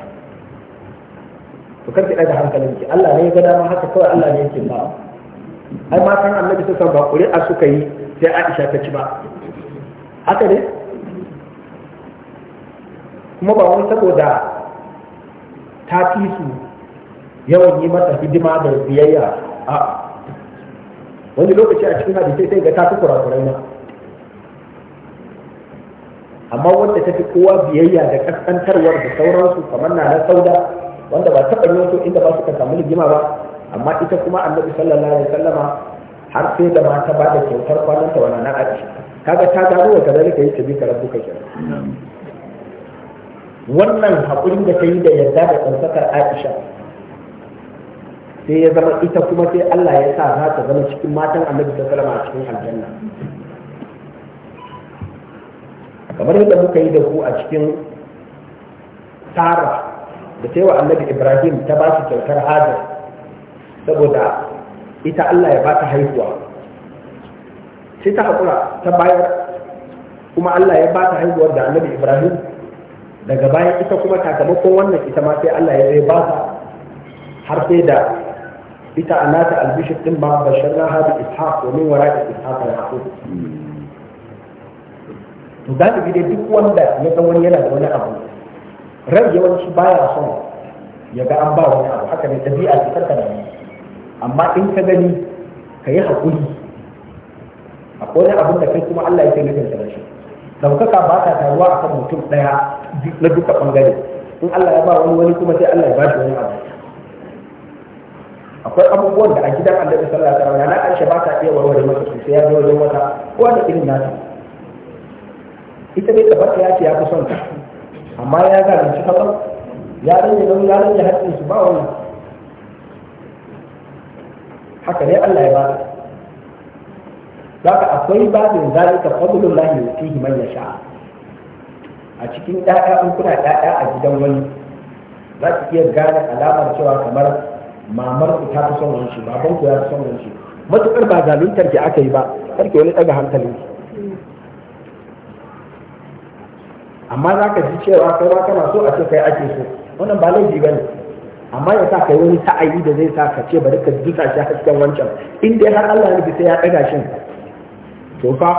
to kar ki ɗaga hankalinki Allah ne ya ga dama haka kawai Allah ne yake ba ai matan annabi suka ba ƙuri'a suka yi sai aisha ta ci ba haka ne kuma ba wani saboda ta fi su yawan yi masa hidima da biyayya a wani lokaci a cikin hadisai sai ga ta fi kurakurai ma amma wanda ta fi kowa biyayya da kaskantarwar da sauransu kamar na na sauda wanda ba taɓa yi wasu inda ba ka samu hidima ba amma ita kuma annabi sallallahu alaihi wasallama har sai da mata ba da kyautar kwanan ta wannan na aisha kaga ta gano wa kazalika yace bi rabu kake wannan hakurin da ta yi da yarda da tsantsakar aisha sai ya zama ita kuma sai Allah ya sa za ta zama cikin matan annabi sallallahu alaihi a cikin aljanna kamar yadda muka yi da ku a cikin tsara da ta yi wa annabi ibrahim ta ba shi kyautar hajar saboda ita Allah ya bata haihuwa sai ta haƙura ta bayar kuma Allah ya bata haihuwar da annabi Ibrahim daga baya ita kuma sakamakon wannan ita ma sai Allah ya ba ta har sai da ita a nata albishir ɗin ba bashar na haɗu ishaq domin wara da ishaq ya haɗu to galibi dai duk wanda ya san wani yana da wani abu rai yawanci baya son ya ga an ba wani abu haka ne ɗabi'a ta karka da amma in ka gani ka yi haƙuri ko wani abin da kai kuma Allah ya ce nufin da shi ɗaukaka ba ta taruwa kan mutum ɗaya na duka bangare, in Allah ya ba wani wani kuma sai Allah ya ba shi wani abu akwai abubuwan da a gidan annabi sallallahu alaihi wasallam na Aisha ba ta iya warware masa sosai ya zo wajen wata ko da irin nata ita dai ta ya ce ya fi son ta amma ya zalunci kasar ya rage nauyi ya rage haƙƙin su ba wani haka dai Allah ya ba da zaka akwai babin zalika fadlullahi yutihi man yasha a cikin ɗaya in kuna ɗaya a gidan wani za ki iya gane alamar cewa kamar mamar ku ta fi son wani shi baban ku ya fi son wani shi matukar ba zaluntar ki aka yi ba karki wani ɗaga hankalin ki amma za ka ji cewa kai ma kana so a ce kai ake so wannan ba laifi ba ne amma ya sa kai wani sa'ayi da zai sa ka ce bari ka dusa shi cikin wancan in dai har Allah ya nufi sai ya ɗaga shi to fa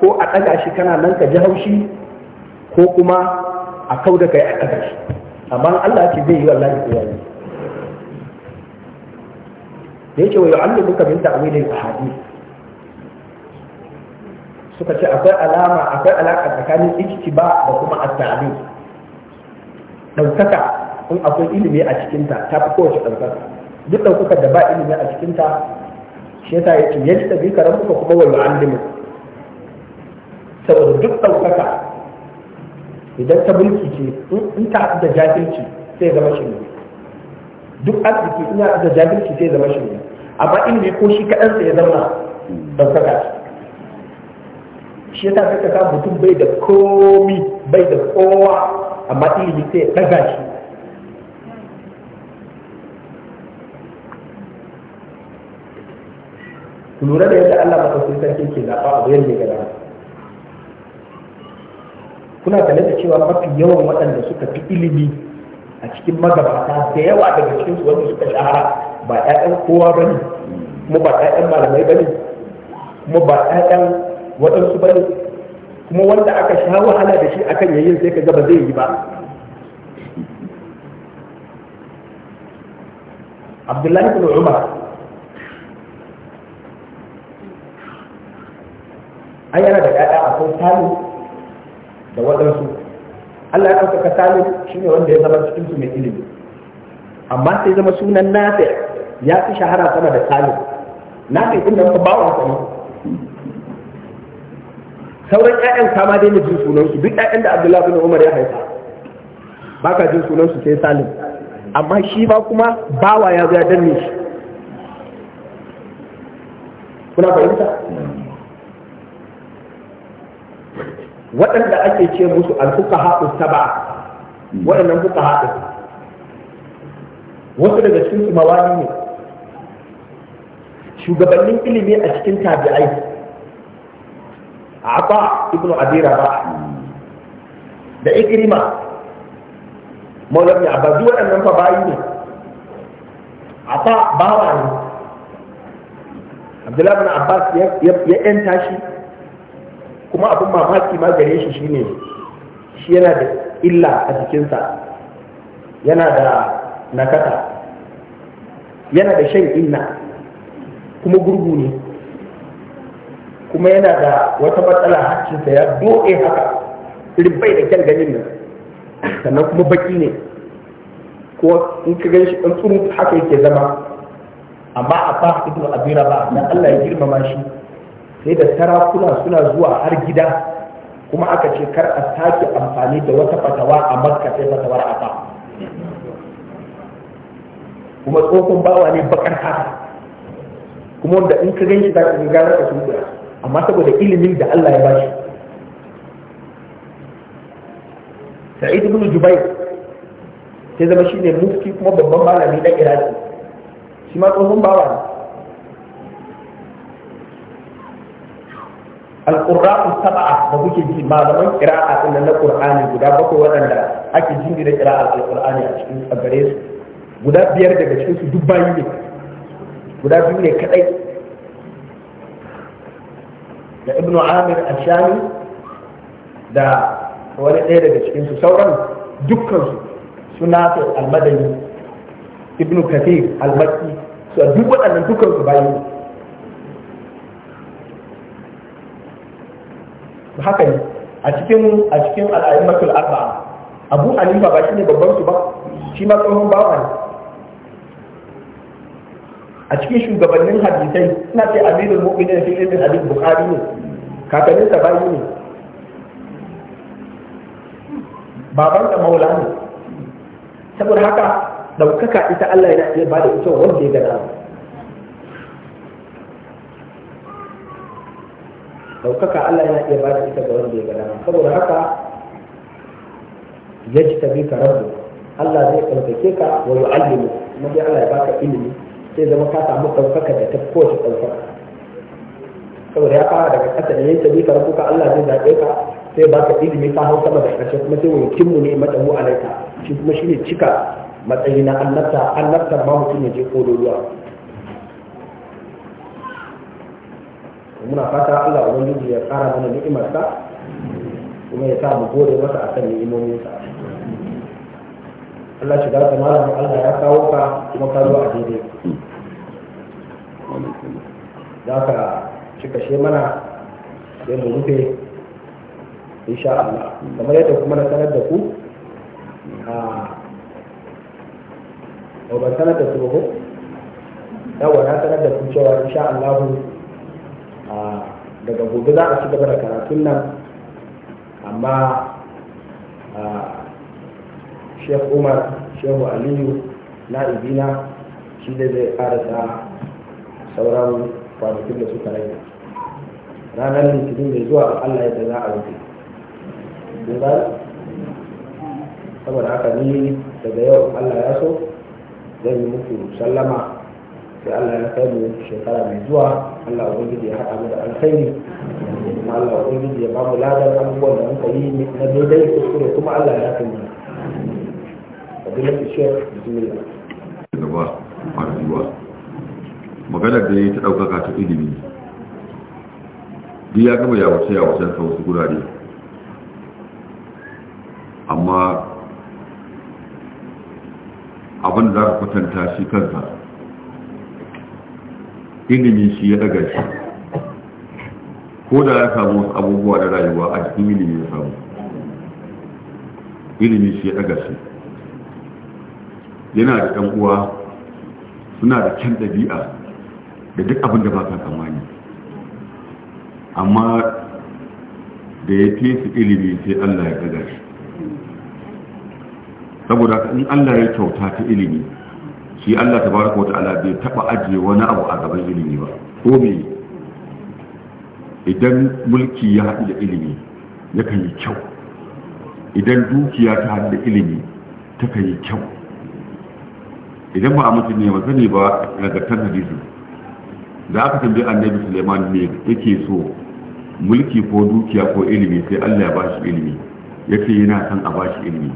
ko a ɗaga shi kana nan ka ji haushi ko kuma a kau da kai a ɗaga shi amma Allah ce zai yi wallahi ko yayi da yake wa yu'allimuka min ta'wilil ahadith suka ce akwai alama akwai alaka tsakanin ikitiba da kuma at-ta'lim daukaka in akwai ilimi a cikinta ta fi kowace ɗaukaka duk kuka da ba ilimi a cikinta shi yasa ya ce yadda bi karan kuka kuma an yu'allimu saboda duk ɗaukaka idan ta mulki ce in ta da jahilci sai zama shi duk arziki in ya da jahilci sai zama shi amma ilimi ko shi kaɗan sai ya zama ɗaukaka shi yasa sa ka mutum bai da komi bai da kowa amma ilimi sai ya ɗaga shi ku lura da yadda Allah sun sarki ke zaɓa a bayan daga rana. kuna kale da cewa mafi yawan waɗanda suka fi ilimi a cikin magabata da yawa daga cikin su wanda suka shahara ba ƴaƴan kowa ba ne kuma ba ƴaƴan malamai ba ne kuma ba ƴaƴan waɗansu ba ne kuma wanda aka sha wahala da shi akan yayin sai ka gaba zai yi ba Abdullahi bin Umar An yana da ƴaƴa kan salu da waɗansu Allah ya ɗaukaka shi ne wanda ya zama cikin su mai ilimi amma sai zama sunan nafi ya fi shahara sama da salu nafi inda nan ba wa sama sauran ƴaƴan kama dai ne jin sunansu duk ƴaƴan da Abdullahi bin Umar ya haifa baka jin sunansu sai salu amma shi ba kuma bawa ya zo ya danne shi kuna fahimta waɗanda ake ce musu al-fuqaha saba waɗannan fuqaha din wasu daga cikin su mawani ne shugabannin ilimi a cikin tabi'ai A Aba ibn Abi ba. da Ikrima Abba Abbas waɗannan fa bayi ne Aba bawa ne Abdullahi ibn Abbas ya yanta shi kuma abin mamaki ma gare shi shi ne shi yana da illa a jikinsa yana da nakata yana da shan inna kuma gurgu ne kuma yana da wata matsala hancinsa ya doe haka irin bai da kyan ganin nan sannan kuma baki ne ko in ka gan shi ɗan tsuru haka yake zama amma a fa ibn abira ba dan Allah ya girmama shi sai da sarakuna suna zuwa har gida kuma aka ce kar a sake amfani da wata fatawa a makka sai fatawar asa kuma tsohon bawa ne bakar haka kuma wanda in ka gani shi za ka gane ka sun amma saboda ilimin da Allah ya bashi Sa'id ibn Jubair sai zama shine mufti kuma babban malami na Iraki shi ma tsohon bawa ne alqurra'u sab'a da kuke ji malaman qira'a din na qur'ani guda bakwai waɗanda ake jingira qira'a alqur'ani a cikin gare su guda biyar daga cikin su duk bayi ne guda biyu ne kadai da ibnu amir ashami da wani ɗaya daga cikin su sauran dukkan su suna almadani ibnu kathir almakki su duk waɗannan dukkan su bayi ne haka ne a cikin a cikin al'aimatul arba'a abu alifa ba shine babban su ba shi ma tsohon bawa ne a cikin shugabannin hadisai ina ce amirul mu'minin fi ilmin abin bukhari ne kakannin sa bayi ne baban da maula ne saboda haka daukaka ita Allah ya ba bada ita wanda ya gada ɗaukaka Allah yana iya ba da ita ga wanda ya gada saboda haka ya ci tabi ka rabu Allah zai ɗaukake ka wa yu'allimu kuma sai Allah ya baka ilimi sai zama ka samu ɗaukaka da ta kowace ɗaukaka saboda ya fara daga ƙasa da yin tabi ka rabu ka Allah zai zaɓe ka sai baka ilimi ka hau sama da ƙarshe kuma sai wani yutimmu ne a alaika shi kuma shine cika matsayi na annabta annabta ma mutum ya je kololuwa muna fata Allah ubangiji ya kara mana sa kuma ya sa mu gode masa akan sa Allah shi ta mu Allah ya kawo ka kuma ka zo a daidai za ka cika she mana sai mu rufe insha Allah kamar yadda kuma na sanar da ku a ban sanar da su ba ko yawa na sanar da ku cewa insha Allah daga gobe za a ci gaba da karatun nan amma shek umar shehu aliyu na ibina shi da zai karasa sauran kwanakin da suka rage ranar litinin mai zuwa allah yadda za a rufe saboda haka ni daga yau allah ya so zai yi muku sallama sai Allah ya kai mu shekara mai zuwa Allah ubangiji ya haɗa mu da alkhairi kuma Allah ubangiji ya ba mu ladan abubuwan da muka yi na daidai kuskure kuma Allah ya kai mu fadilatu shekh bismillah gaba faruwa magana da ya ta ɗaukaka ta ilimi duk ya gama yawace yawacen sa wasu gurare amma abin da za ka kwatanta shi kansa ilimin shi ya daga shi ko da ya samu wasu abubuwa da rayuwa a cikin ilimi ya samu ilimin shi ya daga shi yana da ɗan uwa suna da kyan ɗabi'a da duk abin da ba ka tsammani amma da ya fi su ilimi sai Allah ya daga shi saboda in Allah ya kyauta ta ilimi shi Allah tabaraka wata'ala bai taba ajiye wani abu a gaban ilimi ba ko me idan mulki ya haɗu da ilimi kan yi kyau idan dukiya ta haɗu da ilimi kan yi kyau idan ba a mutum ne ba sani ba nagartar hadisi da aka tambayi annabi suleiman ne yake so mulki ko dukiya ko ilimi sai allah ya bashi ilimi ya ce yana son a bashi ilimi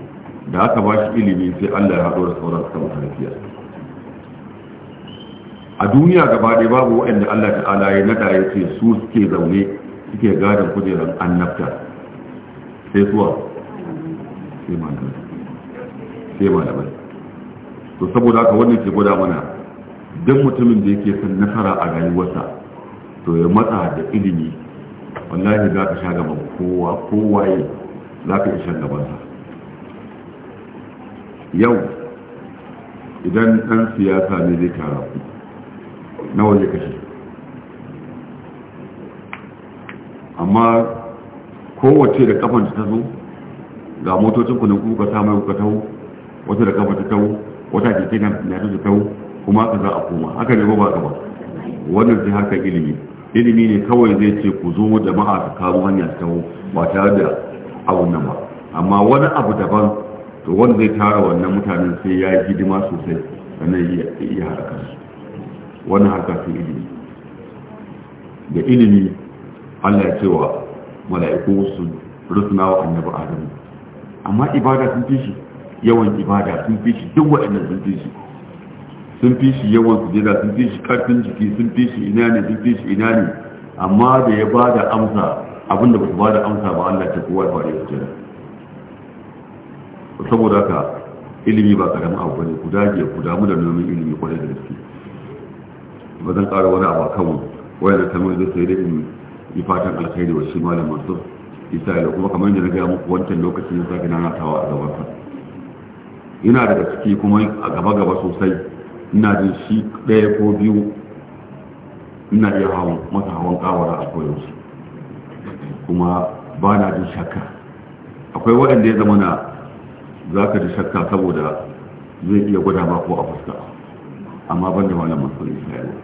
da aka bashi ilimi sai allah ya haɗu da sauran suka masa lafiya a duniya gaba ɗaya babu waɗanda Allah ta'ala ya nada ya ce su suke zaune suke gadon kujerar annabta sai suwa sai malamai to saboda haka wannan ke gwada mana don mutumin da yake son nasara a rayuwarsa to ya matsa da ilimi wallahi za ka sha gaban kowa kowaye za ka gaban gabansa yau idan ɗan siyasa ne zai tara ku na waje kashe amma kowace da kafanta ta zo ga motocin kunan kuka mai kuka taho wata da kafanta taho wata keke na ta taho kuma aka za a koma haka ne ba ba wannan sai haka ilimi ilimi ne kawai zai ce ku zo jama'a su kawo hanya ta taho ba tare da abun nan ba amma wani abu daban to wanda zai tara wannan mutanen sai ya yi hidima sosai sannan ya haɗa kansu wani harka ta ilimi da ilimi Allah ya cewa mala'iku su rusuna wa annabi adamu amma ibada sun fi shi yawan ibada sun fi shi duk waɗannan sun fi shi sun fi shi yawan jira sun fi shi karfin jiki sun fi shi ina ne sun fi shi ina ne amma da ya ba da amsa abinda ba su ba da amsa ba Allah ta kowa ba da jira, saboda haka ilimi ba karamin abu ne ku dage ku damu da nomin ilimi kwarai da gaske ba zan ƙara wani abu a kanmu waya da kamar da sai dai in yi fatan alkhairi wa shi malam mansur isa kuma kamar yadda na gaya muku wancan lokacin ya sake nanatawa a gaban sa Ina daga ciki kuma a gaba gaba sosai ina jin shi ɗaya ko biyu ina iya hawan masa hawan kawara a koyaushe kuma ba na jin shakka akwai waɗanda ya zama na za ka ji shakka saboda zai iya gwada ma ko a fuska amma ban da malamin masu isa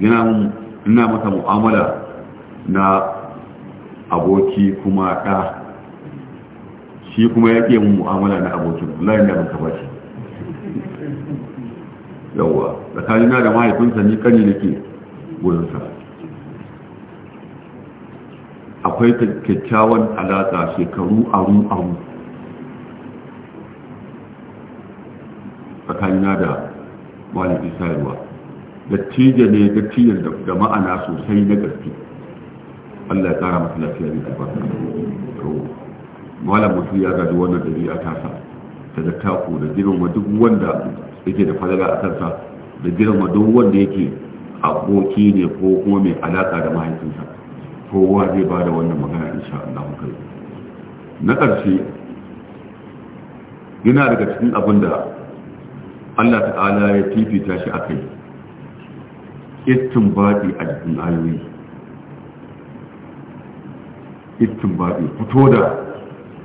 yana ina masa mu'amala na aboki kuma ɗa shi kuma yake mun mu'amala na abokin wallahi da ban taba shi yawa tsakanina da mahaifinsa ni kani ke gurinsa akwai kyakkyawan alaƙa shekaru aru-aru tsakanina da malin isarwa dattijo ne dattijo da ma'ana sosai na gaske Allah ya kara masa lafiya da tabbata to Mallam mutu ya gaji wannan dabi'a ta sa ta da tako da girma duk wanda yake da falala a kansa da girma duk wanda yake aboki ne ko kuma mai alaka da mahaifinsa kowa zai ba da wannan magana insha Allah kai na ƙarshe yana daga cikin abin da Allah ta'ala ya fifita shi a kai ittin baɗi a jikin ayoyi ittin baɗi fito da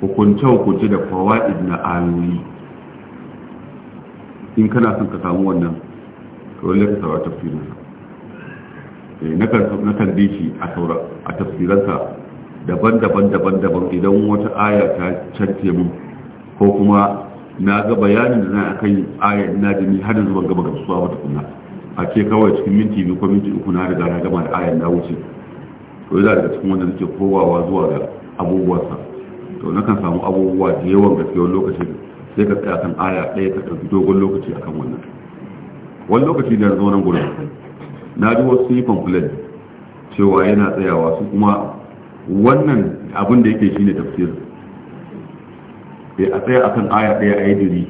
hukunce-hukunce da kowa na ayoyi in kana son ka samu wannan kawai ka saura tafsirinsa eh, na kan bi shi a tafsiransa daban-daban daban-daban idan wata aya ta cance mu ko kuma na ga bayanin da na akan ayar na jini har zuwa gaba ga suwa wata kuma a ce kawai cikin minti biyu ko minti uku na riga na gama da ayan na wuce to yana daga cikin wanda nake kowawa zuwa ga abubuwansa to na kan samu abubuwa da yawan gaske wani lokaci sai ka tsaya kan aya ɗaya ka ɗauki dogon lokaci akan wannan wani lokaci da zo nan na ji wasu yi pamphlet cewa yana tsayawa su kuma wannan abin da yake shine tafsir eh, a tsaya akan aya ɗaya a yi diri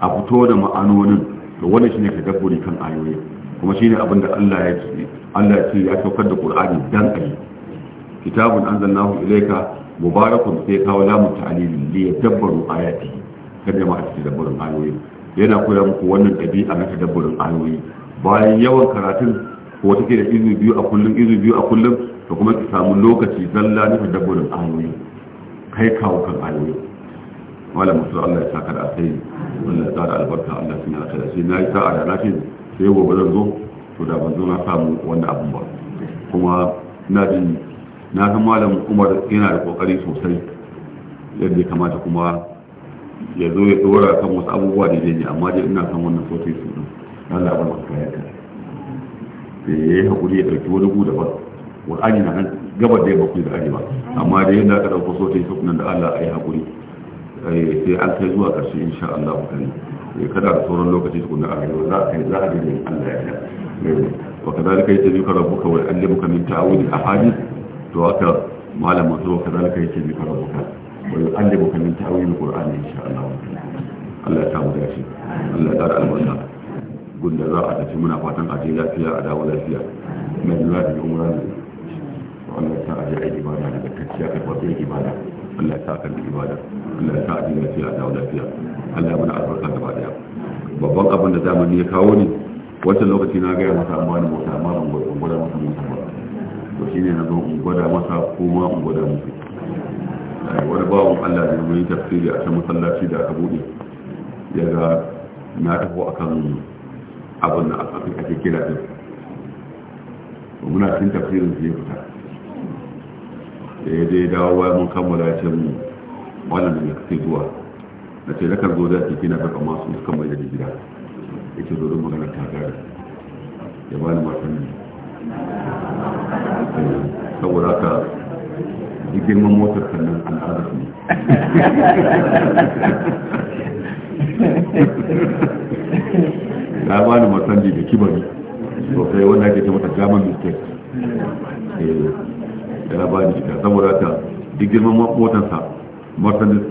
a fito da ma'anonin to wannan shine ka dabbori kan ayoyi kuma shine abin da Allah ya ce Allah ya ce ya saukar da Qur'ani dan ayi kitabun anzalnahu ilayka mubarakun sai kawo lamun ta'lil li yadabbaru ayati kada ma a cikin dabbarin ayoyi yana koya muku wannan dabi'a na tadabburin ayoyi bayan yawan karatun ko take da izini biyu a kullum izini biyu a kullum to kuma ki samu lokaci zalla na tadabburin ayoyi kai kawo kan ayoyi malam mutu Allah ya saka da asiri wanda ya tsara albarka Allah sun yi da sai na yi sa'a da lafi sai gobe zan zo to da ban zo na samu wannan abun ba kuma na ji na san malam Umar yana da kokari sosai yadda ya kamata kuma ya zo ya dora kan wasu abubuwa da ne amma dai ina san wannan sosai su din Allah ya barka ya ka sai ya yi hakuri ya ɗauki wani gudu daban Qur'ani na nan gabar da ya bakwai da arewa amma dai yadda aka dauko sosai su nan da Allah ya yi hakuri sai an kai zuwa ƙarshe insha Allah kan ne kada da sauran lokaci tukuna a rayuwa za a kai za a ga ne Allah ya wa kadalika yajibika rabbuka wa yu'allimuka min ta'awil ahadith to haka malam mutu wa kadalika yajibika rabbuka wa yu'allimuka min ta'awil qur'an insha Allah Allah ya samu dace Allah ya dar albarka gunda za a tafi muna fatan a je lafiya a dawo lafiya mai zuwa da umra ne Allah ya sa a je ibada da kakkiya karɓar ibada Allah ya sa kan ibada Allah ya sa a dina lafiya a lafiya Allah ya muna albarka gaba daya babban abin da zamani ya kawo ne wancan lokaci na gaya masa an bani mota amma ban gwada masa mota ba to ne na zo in gwada masa ko ma in gwada musu eh, wani bawan Allah ne mai tafsiri a can masallaci da aka buɗe. ya ga na taho akan abin da ake kira din muna cin tafsirin su ya fita da ya dai dawo bayan mun kammala ya ce mu malam da sai zuwa da ce zakar zo da ke kina daga masu kan mai da gida ya ce zoron magana ta gari ya ba ni matan ne eh, saboda ka yi girman motar sannan al'adar ne eh, Ya ba ni matan ne da kibari sosai wanda ake ta mata gaman mistake ya ba ni da saboda ta duk girman motarsa mercedes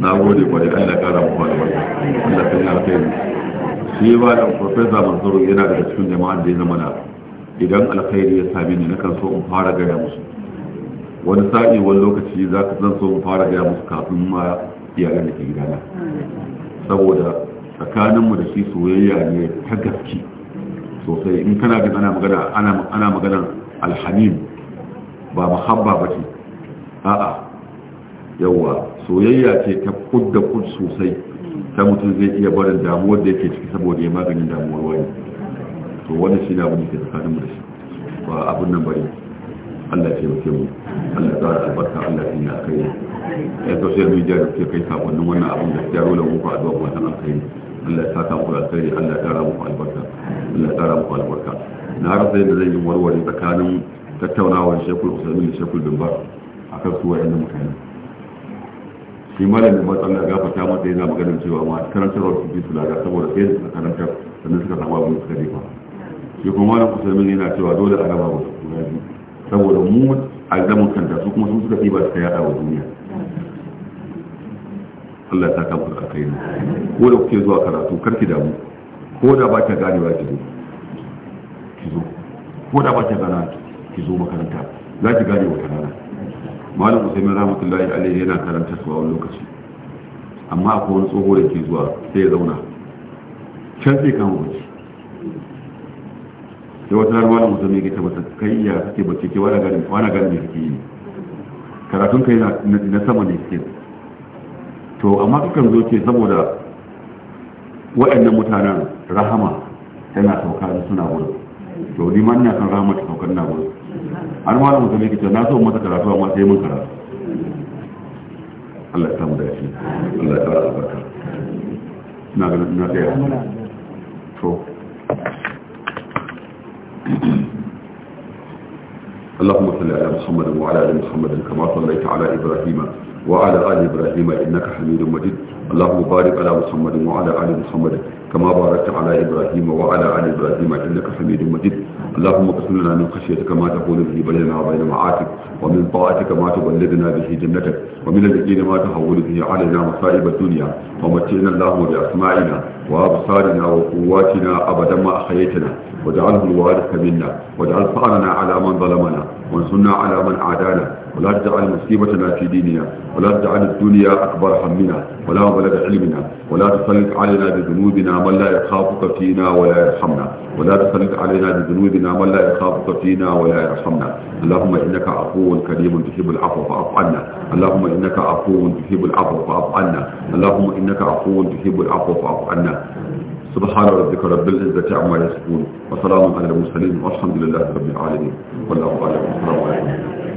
na gode kwarai ai na kara mu kwarai Allah ta yana kai shi ba da professor Mansur yana daga cikin jama'an da ya zama na idan alkhairi ya same ni nakan so in fara gaya musu wani sa'i wani lokaci za ka zan so in fara gaya musu kafin ma iyalan da ke gidana saboda tsakaninmu da shi soyayya ne ta gaske sosai in kana ga ana magana ana magana alhamim ba mahabba ba ce a'a yawwa soyayya ce ta kudda kud sosai ta mutum zai iya barin damuwar da yake ciki saboda ya maganin damuwar wani to wani shi na wani ke tsakanin da ba abin nan bari Allah ce muke mu Allah tsara albarka Allah ya yi akai ya social media da ke kai sakonnin wannan abin da ya rola muku a zuwa wannan alkai Allah ya saka muku alkai Allah ya karamu muku albarka Allah ya karamu muku albarka na har sai da zai yi warware tsakanin tattaunawar shekul usaimin da shekul bin bar a kan su wa'yan mutane shi malamin matsan da gafata mata yana maganin cewa ma bi su bisu saboda sai da karantar sannan suka samu abin suka rifa shi kuma malam usaimin yana cewa dole a raba wasu guda saboda mu azamin kanta su kuma sun suka ɗiba suka yada wa duniya Allah ya saka muku ne ko da kuke zuwa karatu karki damu ko da ba ta ganewa ba ki zo ko da ba ta ganewa ki ki zo makaranta za ki gane wata rana malam usaimin rahmatullahi alaihi yana karanta su a wani lokaci amma akwai wani tsoho da ke zuwa sai ya zauna can sai kama bacci sai wata rana malam usaimin ya ta masa kai ya suke bacci ke wani gani wani gani ne yi karatun kai na sama ne ke to amma kakan zo ke saboda waɗannan mutanen rahama tana sauka suna wurin to ma ina kan rahama ta saukar na wurin har ma da musulmi ke na so mata karatu amma sai mun karatu Allah ya samu dafi Allah ya tsara barka na ga na tsaya to اللهم صل على محمد وعلى ال محمد كما صليت على ابراهيم وعلى ال ابراهيم انك حميد مجيد اللهم بارك على محمد وعلى ال محمد كما باركت على ابراهيم وعلى ال ابراهيم انك حميد مجيد اللهم اقسم لنا من خشيتك ما تقول به بيننا وبين معاتك ومن طاعتك ما تبلغنا به جنتك ومن اليقين ما تحول به علينا مصائب الدنيا ومتعنا اللهم بأسماعنا وأبصارنا وقواتنا أبدا ما أحييتنا واجعله الوارث منا واجعل ثأرنا على من ظلمنا وانصرنا على من عادانا ولا تجعل مصيبتنا في ديننا ولا تجعل الدنيا أكبر همنا ولا مبلغ علمنا ولا تسلط علينا بذنوبنا من لا يخافك فينا ولا يرحمنا ولا تسلط علينا بذنوبنا من لا يخافك فينا ولا يرحمنا اللهم إنك عفو كريم تحب العفو فاعف عنا اللهم إنك عفو تحب العفو فاعف عنا اللهم إنك عفو تحب العفو فاعف عنا سبحان ربك رب العزة عما يصفون وسلام على المرسلين والحمد لله رب العالمين والله أعلم والسلام عليكم